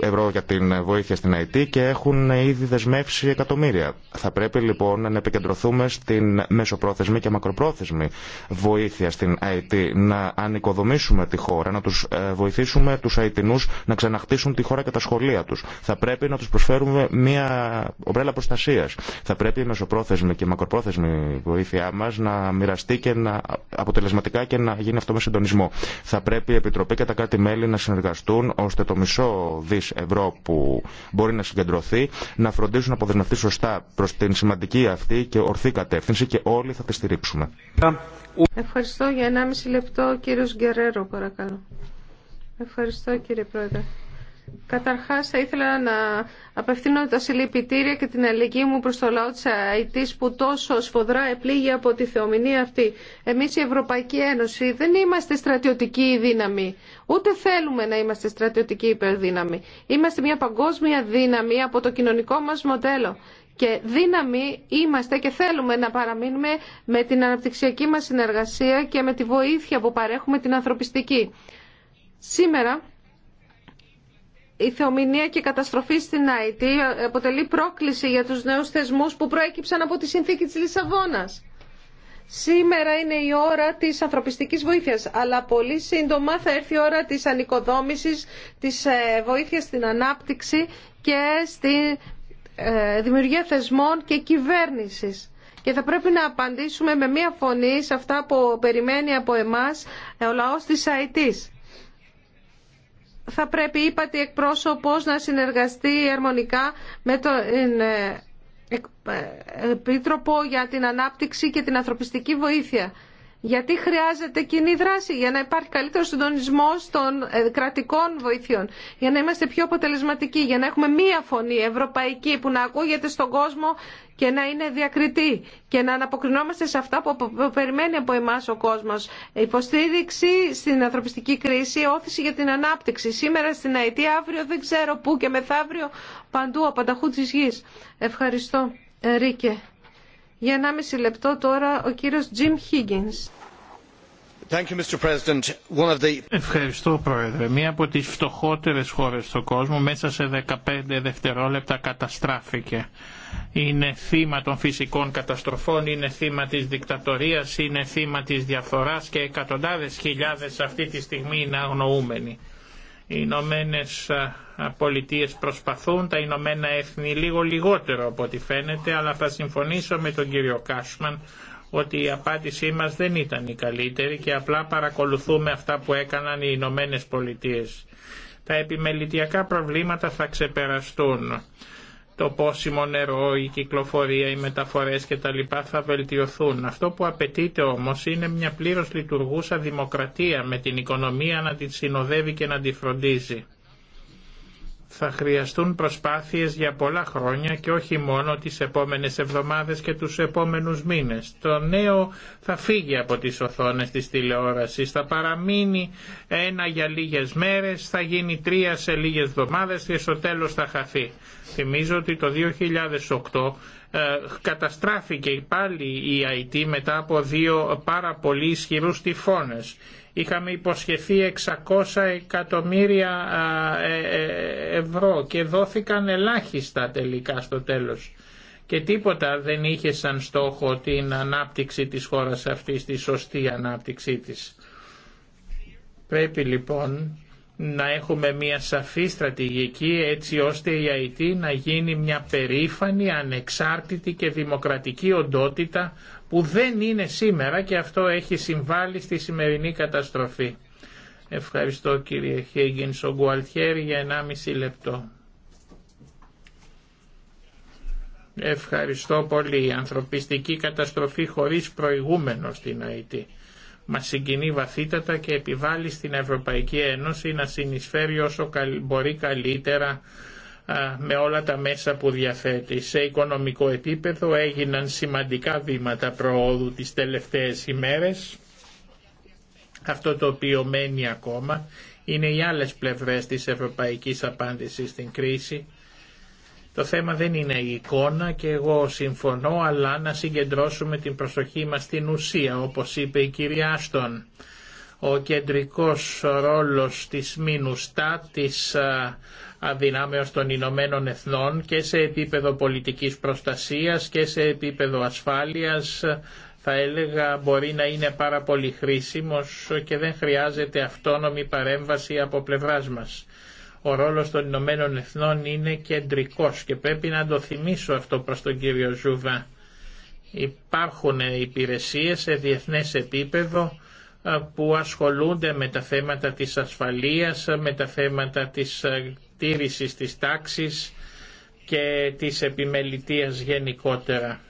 ευρώ για την βοήθεια στην ΑΕΤ και έχουν ήδη δεσμεύσει εκατομμύρια. Θα πρέπει λοιπόν να επικεντρωθούμε στην μεσοπρόθεσμη και μακροπρόθεσμη βοήθεια στην ΑΕΤ, να ανοικοδομήσουμε τη χώρα, να τους ε, βοηθήσουμε τους ΑΕΤΙΝΟΥΣ να ξαναχτίσουν τη χώρα και τα σχολεία τους. Θα πρέπει να τους προσφέρουμε μια ομπρέλα προστασίας. Θα πρέπει η μεσοπρόθεσμη και μακροπρόθεσμη βοήθειά μας να μοιραστεί και να αποτελεσματικά και να γίνει αυτό με συντονισμό. Θα πρέπει η Επιτροπή και τα μέλη να συνεργαστούν ώστε το μισό ευρώ που μπορεί να συγκεντρωθεί να φροντίσουν να αποδεσμευτεί σωστά προ την σημαντική αυτή και ορθή κατεύθυνση και όλοι θα τη στηρίξουμε. Ευχαριστώ για 1,5 λεπτό, κύριο Γκερέρο, παρακαλώ. Ευχαριστώ, κύριε Πρόεδρε. Καταρχά θα ήθελα να απευθύνω τα συλληπιτήρια και την αλληλεγγύη μου προς το λαό της ΑΕΤΗΣ που τόσο σφοδρά επλήγει από τη θεομηνία αυτή. Εμείς η Ευρωπαϊκή Ένωση δεν είμαστε στρατιωτική δύναμη, ούτε θέλουμε να είμαστε στρατιωτική υπερδύναμη. Είμαστε μια παγκόσμια δύναμη από το κοινωνικό μας μοντέλο. Και δύναμη είμαστε και θέλουμε να παραμείνουμε με την αναπτυξιακή μας συνεργασία και με τη βοήθεια που παρέχουμε την ανθρωπιστική. Σήμερα η θεομηνία και η καταστροφή στην ΑΕΤ αποτελεί πρόκληση για τους νέους θεσμούς που προέκυψαν από τη συνθήκη της Λισαβόνας. Σήμερα είναι η ώρα της ανθρωπιστικής βοήθειας, αλλά πολύ σύντομα θα έρθει η ώρα της ανοικοδόμησης, της ε, βοήθειας στην ανάπτυξη και στη ε, δημιουργία θεσμών και κυβέρνησης. Και θα πρέπει να απαντήσουμε με μία φωνή σε αυτά που περιμένει από εμάς ε, ο λαός της ΑΕΤ θα πρέπει, είπατε, εκπρόσωπος να συνεργαστεί αρμονικά με τον ε, ε, Επίτροπο για την Ανάπτυξη και την Ανθρωπιστική Βοήθεια. Γιατί χρειάζεται κοινή δράση για να υπάρχει καλύτερο συντονισμό των ε, κρατικών βοηθειών, για να είμαστε πιο αποτελεσματικοί, για να έχουμε μία φωνή ευρωπαϊκή που να ακούγεται στον κόσμο και να είναι διακριτή και να αναποκρινόμαστε σε αυτά που περιμένει από εμά ο κόσμο. Υποστήριξη στην ανθρωπιστική κρίση, όθηση για την ανάπτυξη. Σήμερα στην Αιτία, αύριο δεν ξέρω πού και μεθαύριο παντού, απανταχού τη γη. Ευχαριστώ. Ρίκε. Για 1,5 λεπτό τώρα ο κύριος Jim Higgins. Thank you, Mr. President. Ευχαριστώ Πρόεδρε. Μία από τις φτωχότερες χώρες στον κόσμο μέσα σε 15 δευτερόλεπτα καταστράφηκε. Είναι θύμα των φυσικών καταστροφών, είναι θύμα της δικτατορίας, είναι θύμα της διαφθοράς και εκατοντάδες χιλιάδες αυτή τη στιγμή είναι αγνοούμενοι οι Ηνωμένε Πολιτείε προσπαθούν, τα Ηνωμένα Έθνη λίγο λιγότερο από ό,τι φαίνεται, αλλά θα συμφωνήσω με τον κύριο Κάσμαν ότι η απάντησή μας δεν ήταν η καλύτερη και απλά παρακολουθούμε αυτά που έκαναν οι Ηνωμένε Πολιτείε. Τα επιμελητιακά προβλήματα θα ξεπεραστούν το πόσιμο νερό, η κυκλοφορία, οι μεταφορές λοιπά θα βελτιωθούν. Αυτό που απαιτείται όμως είναι μια πλήρως λειτουργούσα δημοκρατία με την οικονομία να την συνοδεύει και να τη φροντίζει θα χρειαστούν προσπάθειες για πολλά χρόνια και όχι μόνο τις επόμενες εβδομάδες και τους επόμενους μήνες. Το νέο θα φύγει από τις οθόνες της τηλεόρασης, θα παραμείνει ένα για λίγες μέρες, θα γίνει τρία σε λίγες εβδομάδες και στο τέλος θα χαθεί. Θυμίζω ότι το 2008 ε, καταστράφηκε πάλι η IT μετά από δύο πάρα πολύ ισχυρούς τυφώνες Είχαμε υποσχεθεί 600 εκατομμύρια ε, ε, ευρώ και δόθηκαν ελάχιστα τελικά στο τέλος. Και τίποτα δεν είχε σαν στόχο την ανάπτυξη της χώρας αυτής, τη σωστή ανάπτυξή της. Πρέπει λοιπόν να έχουμε μια σαφή στρατηγική έτσι ώστε η ΑΕΤ να γίνει μια περήφανη, ανεξάρτητη και δημοκρατική οντότητα που δεν είναι σήμερα και αυτό έχει συμβάλει στη σημερινή καταστροφή. Ευχαριστώ κύριε Χέγγιν Σογκουαλτιέρη για 1,5 λεπτό. Ευχαριστώ πολύ. ανθρωπιστική καταστροφή χωρίς προηγούμενο στην ΑΕΤ μας συγκινεί βαθύτατα και επιβάλλει στην Ευρωπαϊκή Ένωση να συνεισφέρει όσο μπορεί καλύτερα με όλα τα μέσα που διαθέτει. Σε οικονομικό επίπεδο έγιναν σημαντικά βήματα προόδου τις τελευταίες ημέρες. Αυτό το οποίο μένει ακόμα είναι οι άλλες πλευρές της ευρωπαϊκής απάντησης στην κρίση το θέμα δεν είναι η εικόνα και εγώ συμφωνώ, αλλά να συγκεντρώσουμε την προσοχή μας στην ουσία, όπως είπε η κυρία Άστον. Ο κεντρικός ρόλος της Μινουστά, της αδυνάμεως των Ηνωμένων Εθνών και σε επίπεδο πολιτικής προστασίας και σε επίπεδο ασφάλειας θα έλεγα μπορεί να είναι πάρα πολύ χρήσιμος και δεν χρειάζεται αυτόνομη παρέμβαση από πλευράς μας. Ο ρόλος των Ηνωμένων Εθνών είναι κεντρικός και πρέπει να το θυμίσω αυτό προς τον κύριο Ζούβα. Υπάρχουν υπηρεσίες σε διεθνές επίπεδο που ασχολούνται με τα θέματα της ασφαλείας, με τα θέματα της τήρησης της τάξης και της επιμελητίας γενικότερα.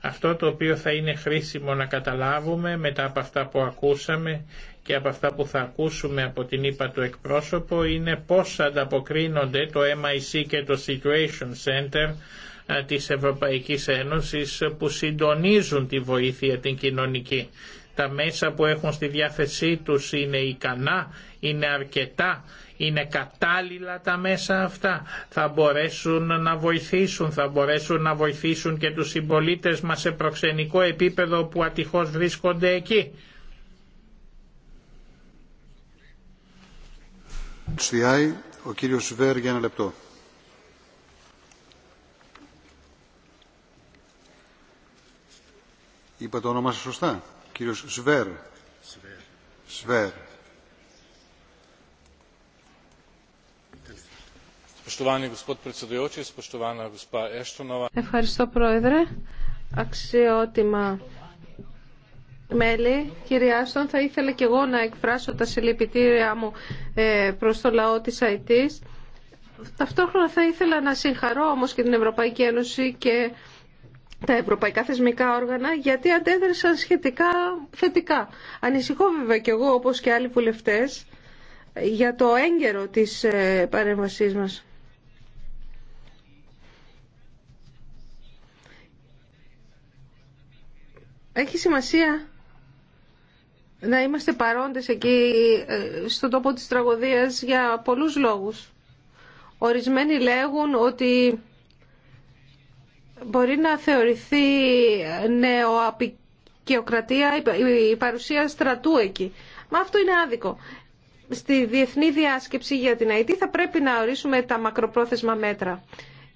Αυτό το οποίο θα είναι χρήσιμο να καταλάβουμε μετά από αυτά που ακούσαμε και από αυτά που θα ακούσουμε από την είπα του εκπρόσωπο είναι πώς ανταποκρίνονται το MIC και το Situation Center της Ευρωπαϊκής Ένωσης που συντονίζουν τη βοήθεια την κοινωνική. Τα μέσα που έχουν στη διάθεσή τους είναι ικανά, είναι αρκετά, είναι κατάλληλα τα μέσα αυτά. Θα μπορέσουν να βοηθήσουν, θα μπορέσουν να βοηθήσουν και τους συμπολίτε μας σε προξενικό επίπεδο που ατυχώς βρίσκονται εκεί Στιάει Ο κύριος Σβέρ για ένα λεπτό. Είπα το όνομα σας σωστά. Κύριος Σβέρ. Σβέρ. Ευχαριστώ Πρόεδρε. Αξιότιμα Μέλη, κυρία Άστον, θα ήθελα και εγώ να εκφράσω τα συλληπιτήριά μου ε, προς το λαό της ΑΕΤΗΣ. Ταυτόχρονα θα ήθελα να συγχαρώ όμως και την Ευρωπαϊκή Ένωση και τα ευρωπαϊκά θεσμικά όργανα γιατί αντέδρασαν σχετικά θετικά. Ανησυχώ βέβαια και εγώ όπως και άλλοι βουλευτές για το έγκαιρο της ε, παρέμβασής μας. Έχει σημασία να είμαστε παρόντες εκεί ε, στον τόπο της τραγωδίας για πολλούς λόγους. Ορισμένοι λέγουν ότι μπορεί να θεωρηθεί νεοαπικιοκρατία η παρουσία στρατού εκεί. Μα αυτό είναι άδικο. Στη διεθνή διάσκεψη για την ΑΕΤ θα πρέπει να ορίσουμε τα μακροπρόθεσμα μέτρα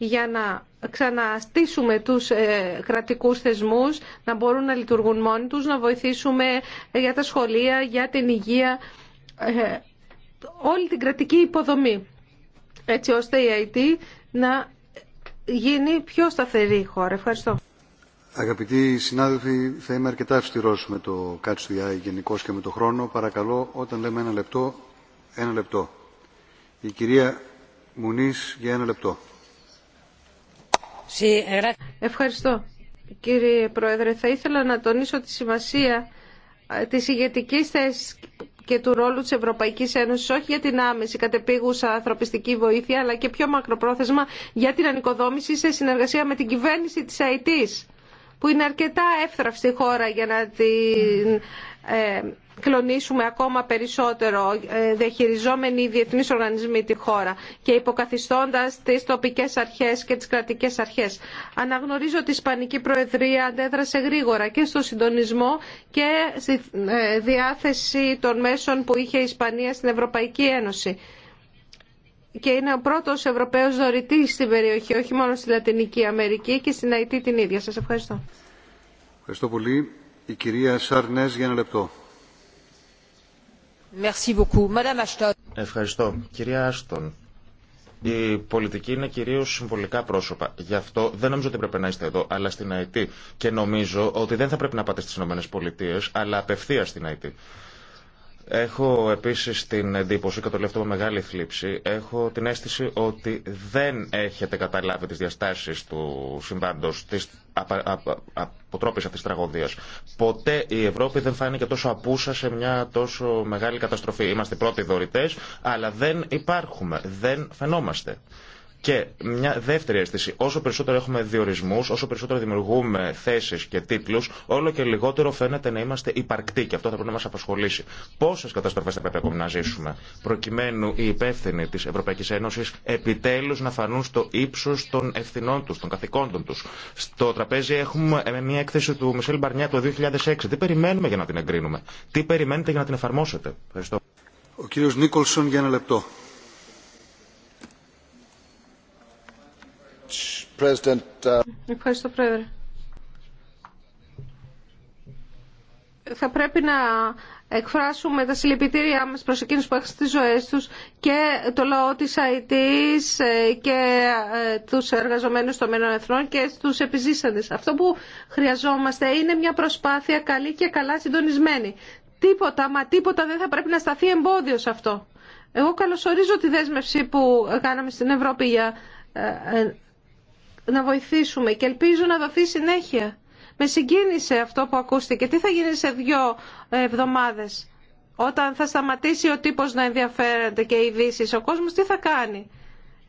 για να ξαναστήσουμε τους ε, κρατικούς θεσμούς, να μπορούν να λειτουργούν μόνοι τους, να βοηθήσουμε για τα σχολεία, για την υγεία, ε, όλη την κρατική υποδομή, έτσι ώστε η ΑΕΤ να γίνει πιο σταθερή χώρα. Ευχαριστώ. Αγαπητοί συνάδελφοι, θα είμαι αρκετά αυστηρό με το του ΙΑΗ γενικώ και με το χρόνο. Παρακαλώ, όταν λέμε ένα λεπτό, ένα λεπτό. Η κυρία Μουνής για ένα λεπτό. Ευχαριστώ. Κύριε Πρόεδρε, θα ήθελα να τονίσω τη σημασία της ηγετικής θέσης και του ρόλου της Ευρωπαϊκής Ένωσης όχι για την άμεση κατεπίγουσα ανθρωπιστική βοήθεια αλλά και πιο μακροπρόθεσμα για την ανοικοδόμηση σε συνεργασία με την κυβέρνηση της ΑΕΤ που είναι αρκετά εύθραυστη χώρα για να την ε, κλονίσουμε ακόμα περισσότερο ε, διαχειριζόμενοι διεθνείς οργανισμοί τη χώρα και υποκαθιστώντας τις τοπικές αρχές και τις κρατικές αρχές. Αναγνωρίζω ότι η Ισπανική Προεδρία αντέδρασε γρήγορα και στο συντονισμό και στη ε, διάθεση των μέσων που είχε η Ισπανία στην Ευρωπαϊκή Ένωση. Και είναι ο πρώτος Ευρωπαίος δωρητής στην περιοχή, όχι μόνο στη Λατινική Αμερική και στην Αϊτή την ίδια. Σας ευχαριστώ. Η κυρία Σαρνές για ένα λεπτό. Ευχαριστώ. Κυρία Άστον, η πολιτική είναι κυρίω συμβολικά πρόσωπα. Γι' αυτό δεν νομίζω ότι πρέπει να είστε εδώ, αλλά στην ΑΕΤ. Και νομίζω ότι δεν θα πρέπει να πάτε στι ΗΠΑ, αλλά απευθεία στην ΑΕΤ. Έχω επίση την εντύπωση, και το λέω αυτό με μεγάλη θλίψη, έχω την αίσθηση ότι δεν έχετε καταλάβει τι διαστάσει του συμβάντο, της αποτρόπη αυτή τη τραγωδία. Ποτέ η Ευρώπη δεν φάνηκε τόσο απούσα σε μια τόσο μεγάλη καταστροφή. Είμαστε πρώτοι δωρητέ, αλλά δεν υπάρχουμε, δεν φαινόμαστε. Και μια δεύτερη αίσθηση. Όσο περισσότερο έχουμε διορισμού, όσο περισσότερο δημιουργούμε θέσει και τίτλου, όλο και λιγότερο φαίνεται να είμαστε υπαρκτοί και αυτό θα πρέπει να μα απασχολήσει. Πόσε καταστροφέ θα πρέπει ακόμη να ζήσουμε, προκειμένου οι υπεύθυνοι τη Ευρωπαϊκή Ένωση επιτέλου να φανούν στο ύψο των ευθυνών του, των καθηκόντων του. Στο τραπέζι έχουμε ε, μια έκθεση του Μισελ Μπαρνιά το 2006. Τι περιμένουμε για να την εγκρίνουμε, τι περιμένετε για να την εφαρμόσετε. Ευχαριστώ. Ο κύριος Νίκολσον για ένα λεπτό. Uh, Ευχαριστώ, Πρόεδρε. Θα πρέπει να εκφράσουμε τα συλληπιτήριά μας προς εκείνους που έχασαν τις ζωές τους και το λαό της ΑΕΤΗΣ ε, και ε, τους εργαζομένους των Εθνών και τους επιζήσαντες. Αυτό που χρειαζόμαστε είναι μια προσπάθεια καλή και καλά συντονισμένη. Τίποτα, μα τίποτα δεν θα πρέπει να σταθεί εμπόδιο σε αυτό. Εγώ καλωσορίζω τη δέσμευση που κάναμε στην Ευρώπη για ε, να βοηθήσουμε και ελπίζω να δοθεί συνέχεια. Με συγκίνησε αυτό που ακούστηκε. Τι θα γίνει σε δύο εβδομάδες όταν θα σταματήσει ο τύπος να ενδιαφέρεται και οι ειδήσει. Ο κόσμος τι θα κάνει.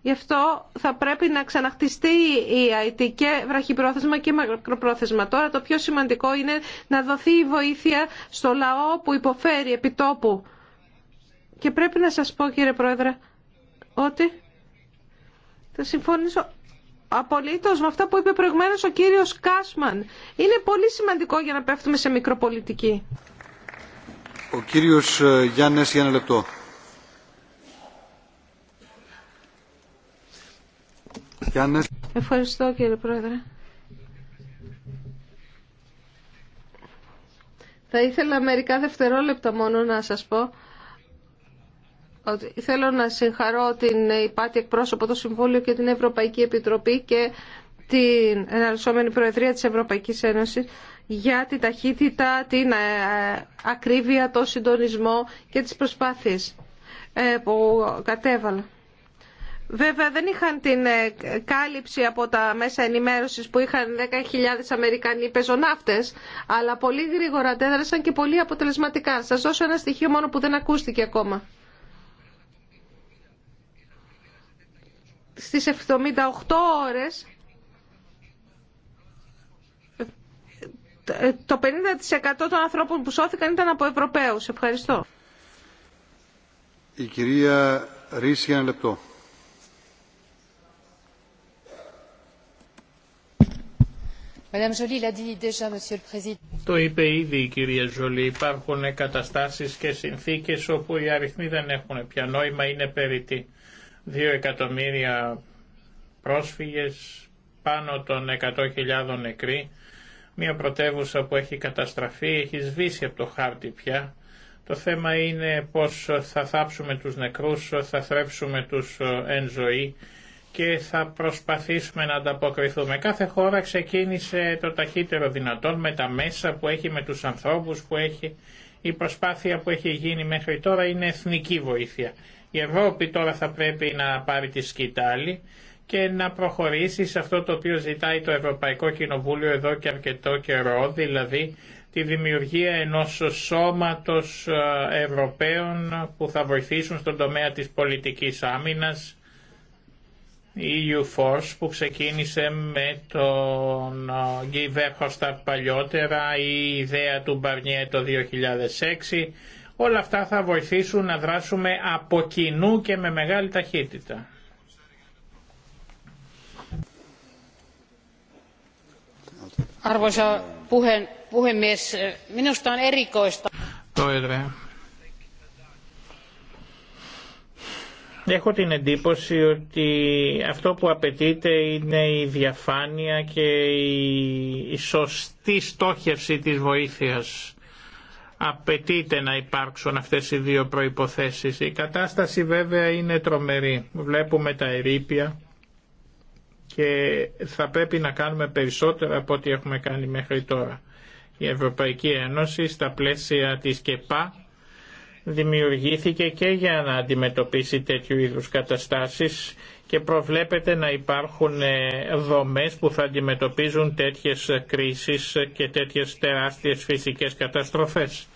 Γι' αυτό θα πρέπει να ξαναχτιστεί η IT και βραχυπρόθεσμα και μακροπρόθεσμα. Τώρα το πιο σημαντικό είναι να δοθεί η βοήθεια στο λαό που υποφέρει επιτόπου. Και πρέπει να σας πω κύριε Πρόεδρε ότι θα συμφωνήσω απολύτως με αυτά που είπε προηγουμένως ο κύριος Κάσμαν. Είναι πολύ σημαντικό για να πέφτουμε σε μικροπολιτική. Ο κύριος ε, Γιάννης για ένα λεπτό. Ευχαριστώ κύριε Πρόεδρε. Θα ήθελα μερικά δευτερόλεπτα μόνο να σας πω θέλω να συγχαρώ την υπάτη εκπρόσωπο, το Συμβούλιο και την Ευρωπαϊκή Επιτροπή και την εναρσόμενη Προεδρία της Ευρωπαϊκής Ένωσης για την ταχύτητα, την ε, ακρίβεια, το συντονισμό και τις προσπάθειες ε, που κατέβαλα. Βέβαια δεν είχαν την ε, κάλυψη από τα μέσα ενημέρωσης που είχαν 10.000 Αμερικανοί πεζοναύτες, αλλά πολύ γρήγορα αντέδρασαν και πολύ αποτελεσματικά. Σας δώσω ένα στοιχείο μόνο που δεν ακούστηκε ακόμα. στις 78 ώρες το 50% των ανθρώπων που σώθηκαν ήταν από Ευρωπαίους. Ευχαριστώ. Η κυρία Ρίση, ένα λεπτό. Το είπε ήδη η κυρία Ζολή. Υπάρχουν καταστάσεις και συνθήκες όπου οι αριθμοί δεν έχουν πια νόημα, είναι περίτη. Δύο εκατομμύρια πρόσφυγες, πάνω των 100.000 νεκροί, μια πρωτεύουσα που έχει καταστραφεί, έχει σβήσει από το χάρτη πια. Το θέμα είναι πώς θα θάψουμε τους νεκρούς, θα θρέψουμε τους ε, εν ζωή και θα προσπαθήσουμε να ανταποκριθούμε. Κάθε χώρα ξεκίνησε το ταχύτερο δυνατόν με τα μέσα που έχει, με τους ανθρώπους που έχει. Η προσπάθεια που έχει γίνει μέχρι τώρα είναι εθνική βοήθεια. Η Ευρώπη τώρα θα πρέπει να πάρει τη σκητάλη και να προχωρήσει σε αυτό το οποίο ζητάει το Ευρωπαϊκό Κοινοβούλιο εδώ και αρκετό καιρό, δηλαδή τη δημιουργία ενός σώματος ε, Ευρωπαίων που θα βοηθήσουν στον τομέα της πολιτικής άμυνας, EU Force που ξεκίνησε με τον Γκί ε, στα παλιότερα, η ιδέα του Μπαρνιέ το 2006, Όλα αυτά θα βοηθήσουν να δράσουμε από κοινού και με μεγάλη ταχύτητα. Έχω την εντύπωση ότι αυτό που απαιτείται είναι η διαφάνεια και η σωστή στόχευση της βοήθειας απαιτείται να υπάρξουν αυτές οι δύο προϋποθέσεις. Η κατάσταση βέβαια είναι τρομερή. Βλέπουμε τα ερήπια και θα πρέπει να κάνουμε περισσότερα από ό,τι έχουμε κάνει μέχρι τώρα. Η Ευρωπαϊκή Ένωση στα πλαίσια της ΚΕΠΑ δημιουργήθηκε και για να αντιμετωπίσει τέτοιου είδους καταστάσεις και προβλέπεται να υπάρχουν ε, δομές που θα αντιμετωπίζουν τέτοιες κρίσεις και τέτοιες τεράστιες φυσικές καταστροφές.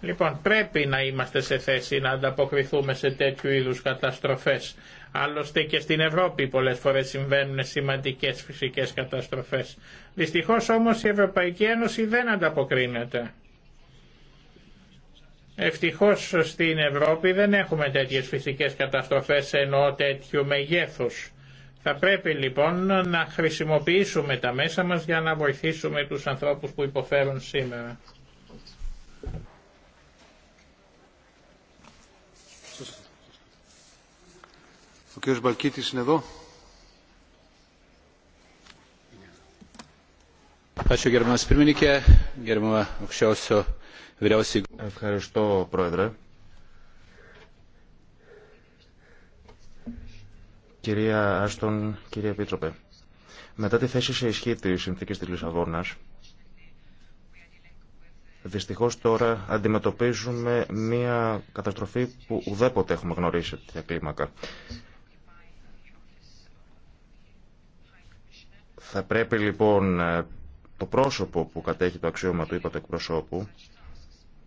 Λοιπόν, πρέπει να είμαστε σε θέση να ανταποκριθούμε σε τέτοιου είδους καταστροφές. Άλλωστε και στην Ευρώπη πολλές φορές συμβαίνουν σημαντικές φυσικές καταστροφές. Δυστυχώς όμως η Ευρωπαϊκή Ένωση δεν ανταποκρίνεται. Ευτυχώς στην Ευρώπη δεν έχουμε τέτοιες φυσικές καταστροφές ενώ τέτοιου μεγέθους. Θα πρέπει λοιπόν να χρησιμοποιήσουμε τα μέσα μας για να βοηθήσουμε τους ανθρώπους που υποφέρουν σήμερα. Ο κύριος Μπαλκίτης είναι εδώ. κύριε Ευχαριστώ, Πρόεδρε. Κυρία Άστον, κύριε Επίτροπε, μετά τη θέση σε ισχύ της συνθήκης της Λισαβόνα, δυστυχώς τώρα αντιμετωπίζουμε μια καταστροφή που ουδέποτε έχουμε γνωρίσει τέτοια κλίμακα. Θα πρέπει λοιπόν το πρόσωπο που κατέχει το αξίωμα του είπατε εκπροσώπου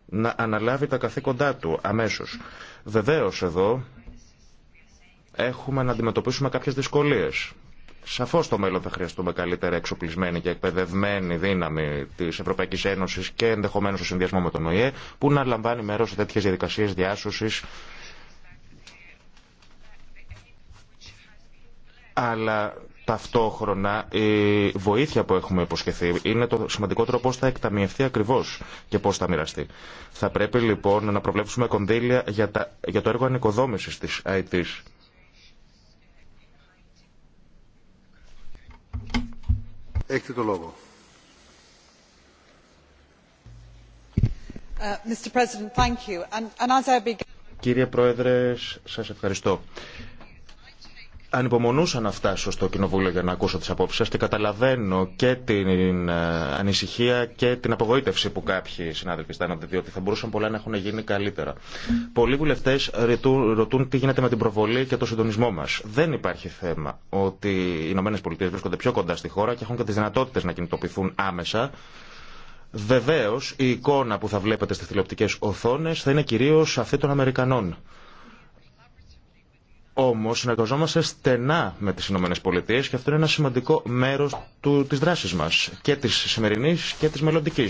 να αναλάβει τα καθήκοντά του αμέσως. Βεβαίως εδώ έχουμε να αντιμετωπίσουμε κάποιες δυσκολίες. Σαφώς στο μέλλον θα χρειαστούμε καλύτερα εξοπλισμένη και εκπαιδευμένη δύναμη της Ευρωπαϊκής Ένωσης και ενδεχομένως σε συνδυασμό με τον ΟΗΕ που να λαμβάνει μέρος σε τέτοιες διαδικασίες διάσωσης αλλά Ταυτόχρονα η βοήθεια που έχουμε υποσχεθεί είναι το σημαντικότερο πώς θα εκταμιευθεί ακριβώς και πώς θα μοιραστεί. Θα πρέπει λοιπόν να προβλέψουμε κονδύλια για, τα, για το έργο ανοικοδόμησης της IT. Έχετε το λόγο. Uh, Κύριε Πρόεδρε, σας ευχαριστώ. Ανυπομονούσα να φτάσω στο Κοινοβούλιο για να ακούσω τις απόψεις σας και καταλαβαίνω και την ε, ανησυχία και την απογοήτευση που κάποιοι συνάδελφοι στάνονται διότι θα μπορούσαν πολλά να έχουν γίνει καλύτερα. Πολλοί βουλευτέ ρωτούν τι γίνεται με την προβολή και το συντονισμό μας. Δεν υπάρχει θέμα ότι οι ΗΠΑ βρίσκονται πιο κοντά στη χώρα και έχουν και τις δυνατότητες να κινητοποιηθούν άμεσα. Βεβαίω, η εικόνα που θα βλέπετε στι τηλεοπτικέ οθόνε θα είναι κυρίω αυτή των Αμερικανών. Όμω συνεργαζόμαστε στενά με τι ΗΠΑ και αυτό είναι ένα σημαντικό μέρο τη δράση μα και τη σημερινή και τη μελλοντική.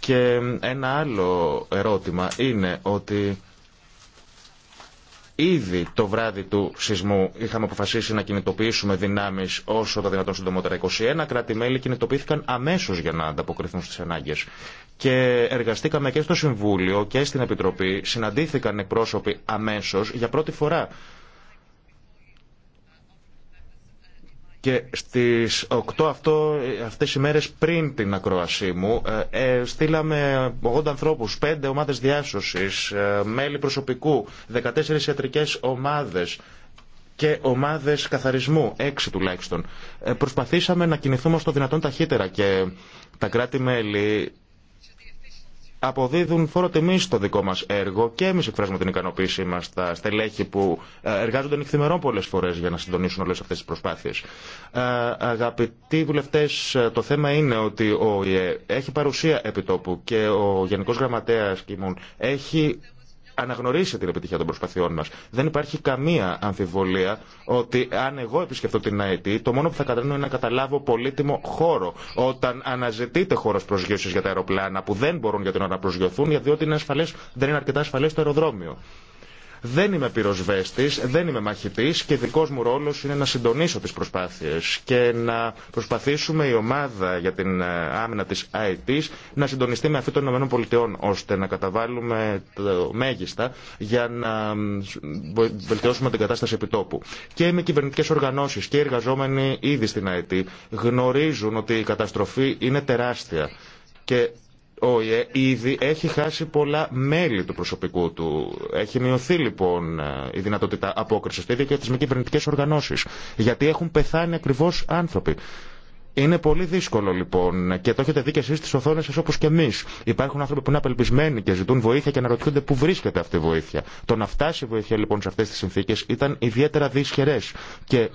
Και ένα άλλο ερώτημα είναι ότι ήδη το βράδυ του σεισμού είχαμε αποφασίσει να κινητοποιήσουμε δυνάμει όσο τα δυνατόν συντομότερα. 21 κράτη-μέλη κινητοποιήθηκαν αμέσω για να ανταποκριθούν στι ανάγκε. Και εργαστήκαμε και στο Συμβούλιο και στην Επιτροπή. Συναντήθηκαν εκπρόσωποι αμέσω για πρώτη φορά Και στις 8 αυτό, αυτές οι μέρες πριν την ακροασή μου ε, ε, στείλαμε 80 ανθρώπους, 5 ομάδες διάσωσης, ε, μέλη προσωπικού, 14 ιατρικές ομάδες και ομάδες καθαρισμού, 6 τουλάχιστον. προσπαθήσαμε να κινηθούμε στο δυνατόν ταχύτερα και τα κράτη-μέλη αποδίδουν φόρο τιμή στο δικό μα έργο και εμεί εκφράζουμε την ικανοποίησή μα στα στελέχη που ε, εργάζονται νυχθημερών πολλέ φορέ για να συντονίσουν όλε αυτέ τι προσπάθειε. Ε, αγαπητοί βουλευτέ, ε, το θέμα είναι ότι ο ΙΕ έχει παρουσία επιτόπου και ο Γενικό Γραμματέα Κίμων έχει αναγνωρίσει την επιτυχία των προσπαθειών μα. Δεν υπάρχει καμία αμφιβολία ότι αν εγώ επισκεφτώ την ΑΕΤ, το μόνο που θα κατανοώ είναι να καταλάβω πολύτιμο χώρο. Όταν αναζητείται χώρο προσγείωση για τα αεροπλάνα που δεν μπορούν για την ώρα να προσγειωθούν, διότι είναι ασφαλές, δεν είναι αρκετά ασφαλέ το αεροδρόμιο. Δεν είμαι πυροσβέστης, δεν είμαι μαχητής και δικός μου ρόλος είναι να συντονίσω τις προσπάθειες και να προσπαθήσουμε η ομάδα για την ε, άμυνα της ΑΕΤ να συντονιστεί με αυτή των ΗΠΑ ώστε να καταβάλουμε το μέγιστα για να βελτιώσουμε την κατάσταση επιτόπου. Και με κυβερνητικές οργανώσεις και οι εργαζόμενοι ήδη στην ΑΕΤ γνωρίζουν ότι η καταστροφή είναι τεράστια και ΙΕ ήδη έχει χάσει πολλά μέλη του προσωπικού του. Έχει μειωθεί λοιπόν η δυνατότητα απόκριση, το ίδιο και τι μη κυβερνητικέ οργανώσει. Γιατί έχουν πεθάνει ακριβώ άνθρωποι. Είναι πολύ δύσκολο λοιπόν και το έχετε δει και εσεί στι οθόνε σα όπω και εμεί. Υπάρχουν άνθρωποι που είναι απελπισμένοι και ζητούν βοήθεια και αναρωτιούνται πού βρίσκεται αυτή η βοήθεια. Το να φτάσει η βοήθεια λοιπόν σε αυτέ τι συνθήκε ήταν ιδιαίτερα δυσχερέ και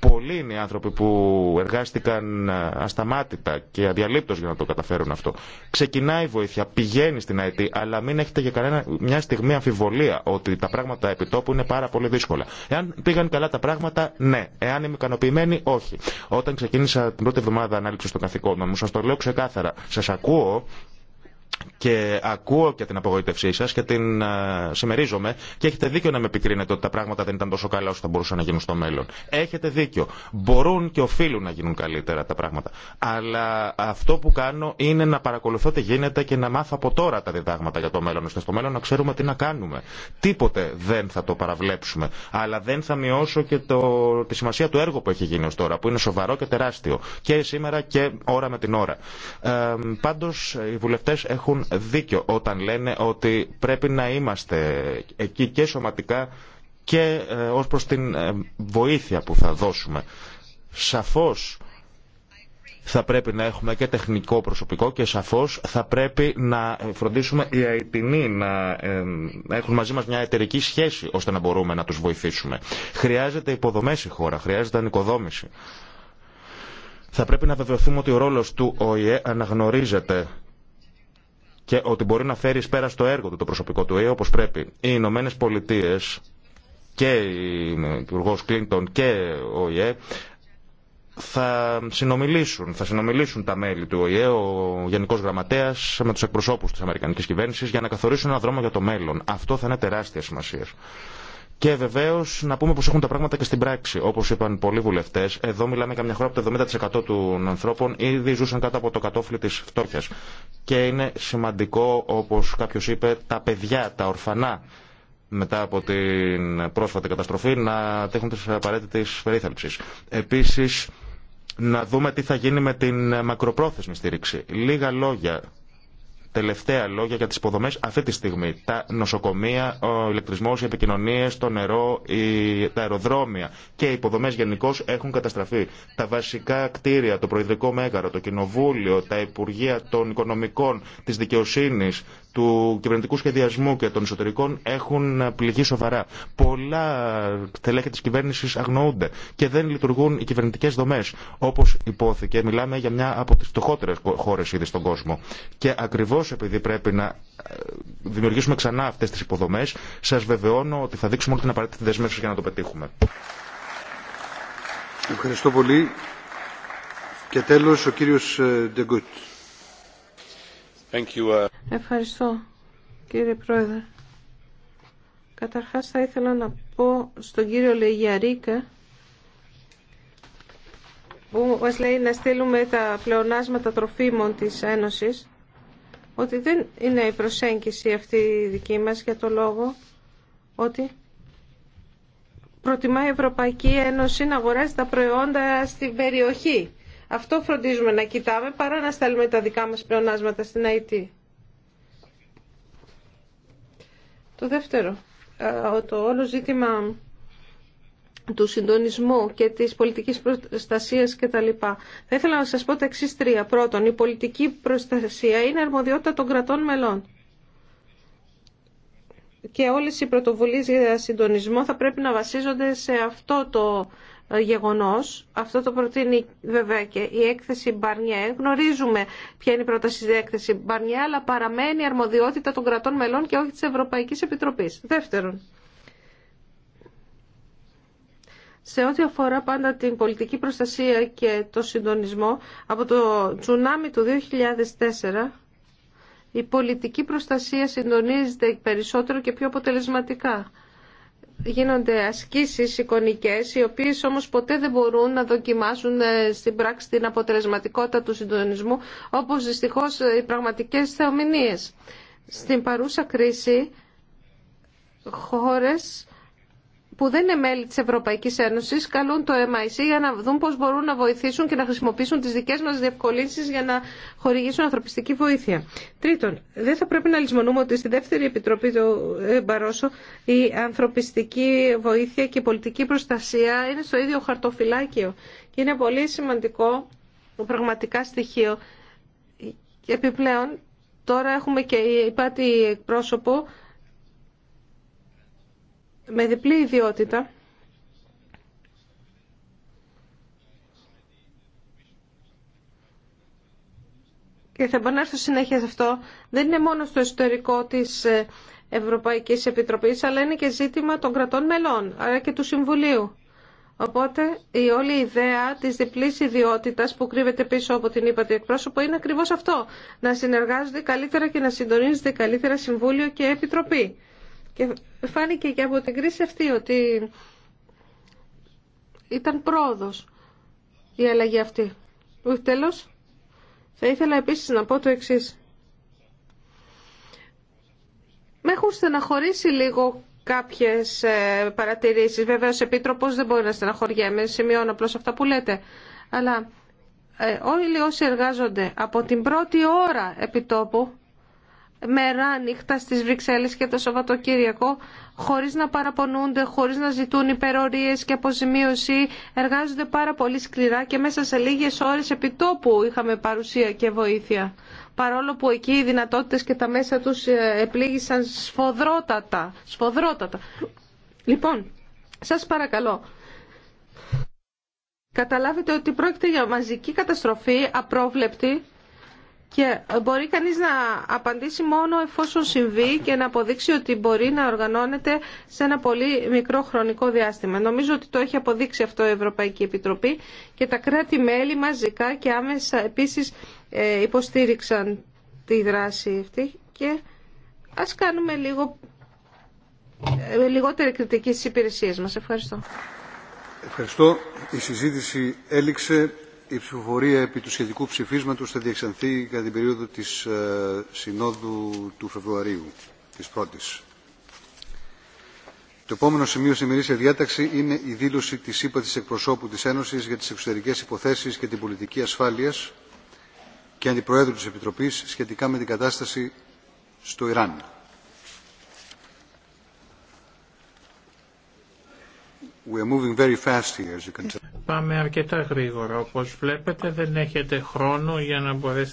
Πολλοί είναι οι άνθρωποι που εργάστηκαν ε, ασταμάτητα και αδιαλείπτω για να το καταφέρουν αυτό. Ξεκινάει η βοήθεια, πηγαίνει στην ΑΕΤ, αλλά μην έχετε για κανένα μια στιγμή αμφιβολία ότι τα πράγματα επιτόπου είναι πάρα πολύ δύσκολα. Εάν πήγαν καλά τα πράγματα, ναι. Εάν είμαι ικανοποιημένη, όχι. Όταν ξεκίνησα την πρώτη εβδομάδα ανάληψη των καθηκόντων μου, σα το λέω ξεκάθαρα. Σα ακούω και ακούω και την απογοήτευσή σα και την ε, συμμερίζομαι και έχετε δίκιο να με επικρίνετε ότι τα πράγματα δεν ήταν τόσο καλά όσο θα μπορούσαν να γίνουν στο μέλλον. Έχετε δίκιο. Μπορούν και οφείλουν να γίνουν καλύτερα τα πράγματα. Αλλά αυτό που κάνω είναι να παρακολουθώ τι γίνεται και να μάθω από τώρα τα διδάγματα για το μέλλον. ώστε στο μέλλον να ξέρουμε τι να κάνουμε. Τίποτε δεν θα το παραβλέψουμε. Αλλά δεν θα μειώσω και το, τη σημασία του έργου που έχει γίνει ω τώρα, που είναι σοβαρό και τεράστιο. Και σήμερα και ώρα με την ώρα. Ε, Πάντω οι βουλευτέ έχουν έχουν δίκιο όταν λένε ότι πρέπει να είμαστε εκεί και σωματικά και ε, ως προς την ε, βοήθεια που θα δώσουμε. Σαφώς θα πρέπει να έχουμε και τεχνικό προσωπικό και σαφώς θα πρέπει να φροντίσουμε οι αιτινοί ε, να έχουν μαζί μας μια εταιρική σχέση ώστε να μπορούμε να τους βοηθήσουμε. Χρειάζεται υποδομές η χώρα, χρειάζεται ανοικοδόμηση. Θα πρέπει να βεβαιωθούμε ότι ο ρόλος του ΟΗΕ αναγνωρίζεται και ότι μπορεί να φέρει πέρα στο έργο του το προσωπικό του ΟΗΕ όπως πρέπει. Οι Ηνωμένε Πολιτείε και ο Υπουργό Κλίντον και ο ΙΕ θα συνομιλήσουν, θα συνομιλήσουν τα μέλη του ΟΗΕ, ο Γενικό Γραμματέα, με του εκπροσώπου τη Αμερικανική κυβέρνηση για να καθορίσουν ένα δρόμο για το μέλλον. Αυτό θα είναι τεράστια σημασία. Και βεβαίω να πούμε πώ έχουν τα πράγματα και στην πράξη. Όπω είπαν πολλοί βουλευτέ, εδώ μιλάμε για μια χώρα που το 70% των ανθρώπων ήδη ζούσαν κάτω από το κατόφλι τη φτώχεια. Και είναι σημαντικό, όπω κάποιο είπε, τα παιδιά, τα ορφανά μετά από την πρόσφατη καταστροφή να τέχουν τις απαραίτητες περίθαλψη. Επίση να δούμε τι θα γίνει με την μακροπρόθεσμη στήριξη. Λίγα λόγια τελευταία λόγια για τις υποδομές αυτή τη στιγμή. Τα νοσοκομεία, ο ηλεκτρισμός, οι επικοινωνίες, το νερό, τα αεροδρόμια και οι υποδομές γενικώ έχουν καταστραφεί. Τα βασικά κτίρια, το Προεδρικό Μέγαρο, το Κοινοβούλιο, τα Υπουργεία των Οικονομικών, της Δικαιοσύνης, του κυβερνητικού σχεδιασμού και των εσωτερικών έχουν πληγεί σοβαρά. Πολλά τελέχη τη κυβέρνηση αγνοούνται και δεν λειτουργούν οι κυβερνητικέ δομέ. Όπω υπόθηκε, μιλάμε για μια από τι φτωχότερε χώρε ήδη στον κόσμο. Και ακριβώ επειδή πρέπει να ε, δημιουργήσουμε ξανά αυτέ τι υποδομέ, σα βεβαιώνω ότι θα δείξουμε όλη την απαραίτητη δέσμευση για να το πετύχουμε. Ευχαριστώ πολύ. Και τέλος ο κύριος ε, Ντεγκούτ. Uh, Ευχαριστώ κύριε Πρόεδρε. Καταρχάς θα ήθελα να πω στον κύριο Λεγιαρίκα που μας λέει να στείλουμε τα πλεονάσματα τροφίμων της Ένωσης ότι δεν είναι η προσέγγιση αυτή η δική μας για το λόγο ότι προτιμά η Ευρωπαϊκή Ένωση να αγοράσει τα προϊόντα στην περιοχή αυτό φροντίζουμε να κοιτάμε παρά να στέλνουμε τα δικά μας πλεονάσματα στην ΑΕΤ. Το δεύτερο, ε, το όλο ζήτημα του συντονισμού και της πολιτικής προστασίας κτλ. Θα ήθελα να σας πω τα εξής τρία. Πρώτον, η πολιτική προστασία είναι αρμοδιότητα των κρατών μελών. Και όλες οι πρωτοβουλίες για συντονισμό θα πρέπει να βασίζονται σε αυτό το ε, γεγονός. Αυτό το προτείνει βέβαια και η έκθεση Μπαρνιέ. Γνωρίζουμε ποια είναι η πρόταση της έκθεση Μπαρνιέ, αλλά παραμένει αρμοδιότητα των κρατών μελών και όχι της Ευρωπαϊκής Επιτροπής. Δεύτερον, σε ό,τι αφορά πάντα την πολιτική προστασία και το συντονισμό, από το τσουνάμι του 2004, η πολιτική προστασία συντονίζεται περισσότερο και πιο αποτελεσματικά γίνονται ασκήσεις εικονικές, οι οποίες όμως ποτέ δεν μπορούν να δοκιμάσουν ε, στην πράξη την αποτελεσματικότητα του συντονισμού, όπως δυστυχώς οι πραγματικές θεομηνίες. Στην παρούσα κρίση, χώρες που δεν είναι μέλη της Ευρωπαϊκής Ένωσης καλούν το MIC για να δουν πώς μπορούν να βοηθήσουν και να χρησιμοποιήσουν τις δικές μας διευκολύνσεις για να χορηγήσουν ανθρωπιστική βοήθεια. Τρίτον, δεν θα πρέπει να λησμονούμε ότι στη δεύτερη επιτροπή του ε, Μπαρόσο η ανθρωπιστική βοήθεια και η πολιτική προστασία είναι στο ίδιο χαρτοφυλάκιο και είναι πολύ σημαντικό πραγματικά στοιχείο. Επιπλέον, τώρα έχουμε και η πάτη εκπρόσωπο με διπλή ιδιότητα και θα έρθω συνέχεια σε αυτό, δεν είναι μόνο στο εσωτερικό της ε, Ευρωπαϊκής Επιτροπής, αλλά είναι και ζήτημα των κρατών μελών, αλλά και του Συμβουλίου. Οπότε η όλη ιδέα της διπλής ιδιότητας που κρύβεται πίσω από την ύπατη εκπρόσωπο είναι ακριβώς αυτό. Να συνεργάζονται καλύτερα και να συντονίζονται καλύτερα Συμβούλιο και Επιτροπή. Και φάνηκε και από την κρίση αυτή ότι ήταν πρόοδος η αλλαγή αυτή. Τέλος, θα ήθελα επίσης να πω το εξής. Με έχουν στεναχωρήσει λίγο κάποιες ε, παρατηρήσεις. Βέβαια, ως Επίτροπος δεν μπορεί να στεναχωριέμαι, σημειώνω απλώς αυτά που λέτε. Αλλά ε, όλοι όσοι εργάζονται από την πρώτη ώρα επιτόπου μερά νύχτα στις Βρυξέλλες και το Σαββατοκύριακο χωρίς να παραπονούνται, χωρίς να ζητούν υπερορίες και αποζημίωση εργάζονται πάρα πολύ σκληρά και μέσα σε λίγες ώρες επιτόπου είχαμε παρουσία και βοήθεια παρόλο που εκεί οι δυνατότητες και τα μέσα τους ε, επλήγησαν σφοδρότατα, σφοδρότατα. Λοιπόν, σας παρακαλώ, καταλάβετε ότι πρόκειται για μαζική καταστροφή, απρόβλεπτη, και μπορεί κανείς να απαντήσει μόνο εφόσον συμβεί και να αποδείξει ότι μπορεί να οργανώνεται σε ένα πολύ μικρό χρονικό διάστημα. Νομίζω ότι το έχει αποδείξει αυτό η Ευρωπαϊκή Επιτροπή και τα κράτη-μέλη μαζικά και άμεσα επίσης ε, υποστήριξαν τη δράση αυτή και ας κάνουμε λίγο, ε, λιγότερη κριτική στις υπηρεσίες μας. Ευχαριστώ. Ευχαριστώ. Η συζήτηση έληξε η ψηφοφορία επί του σχετικού ψηφίσματος θα διεξανθεί κατά την περίοδο της ε, Συνόδου του Φεβρουαρίου, της πρώτης. Το επόμενο σημείο στην ημερήσια διάταξη είναι η δήλωση της ΥΠΑ εκπροσώπου της Ένωσης για τις εξωτερικές υποθέσεις και την πολιτική ασφάλειας και αντιπροέδρου τη Επιτροπής σχετικά με την κατάσταση στο Ιράν. Πάμε αρκετά γρήγορα. Όπως βλέπετε δεν έχετε χρόνο για να μπορέσετε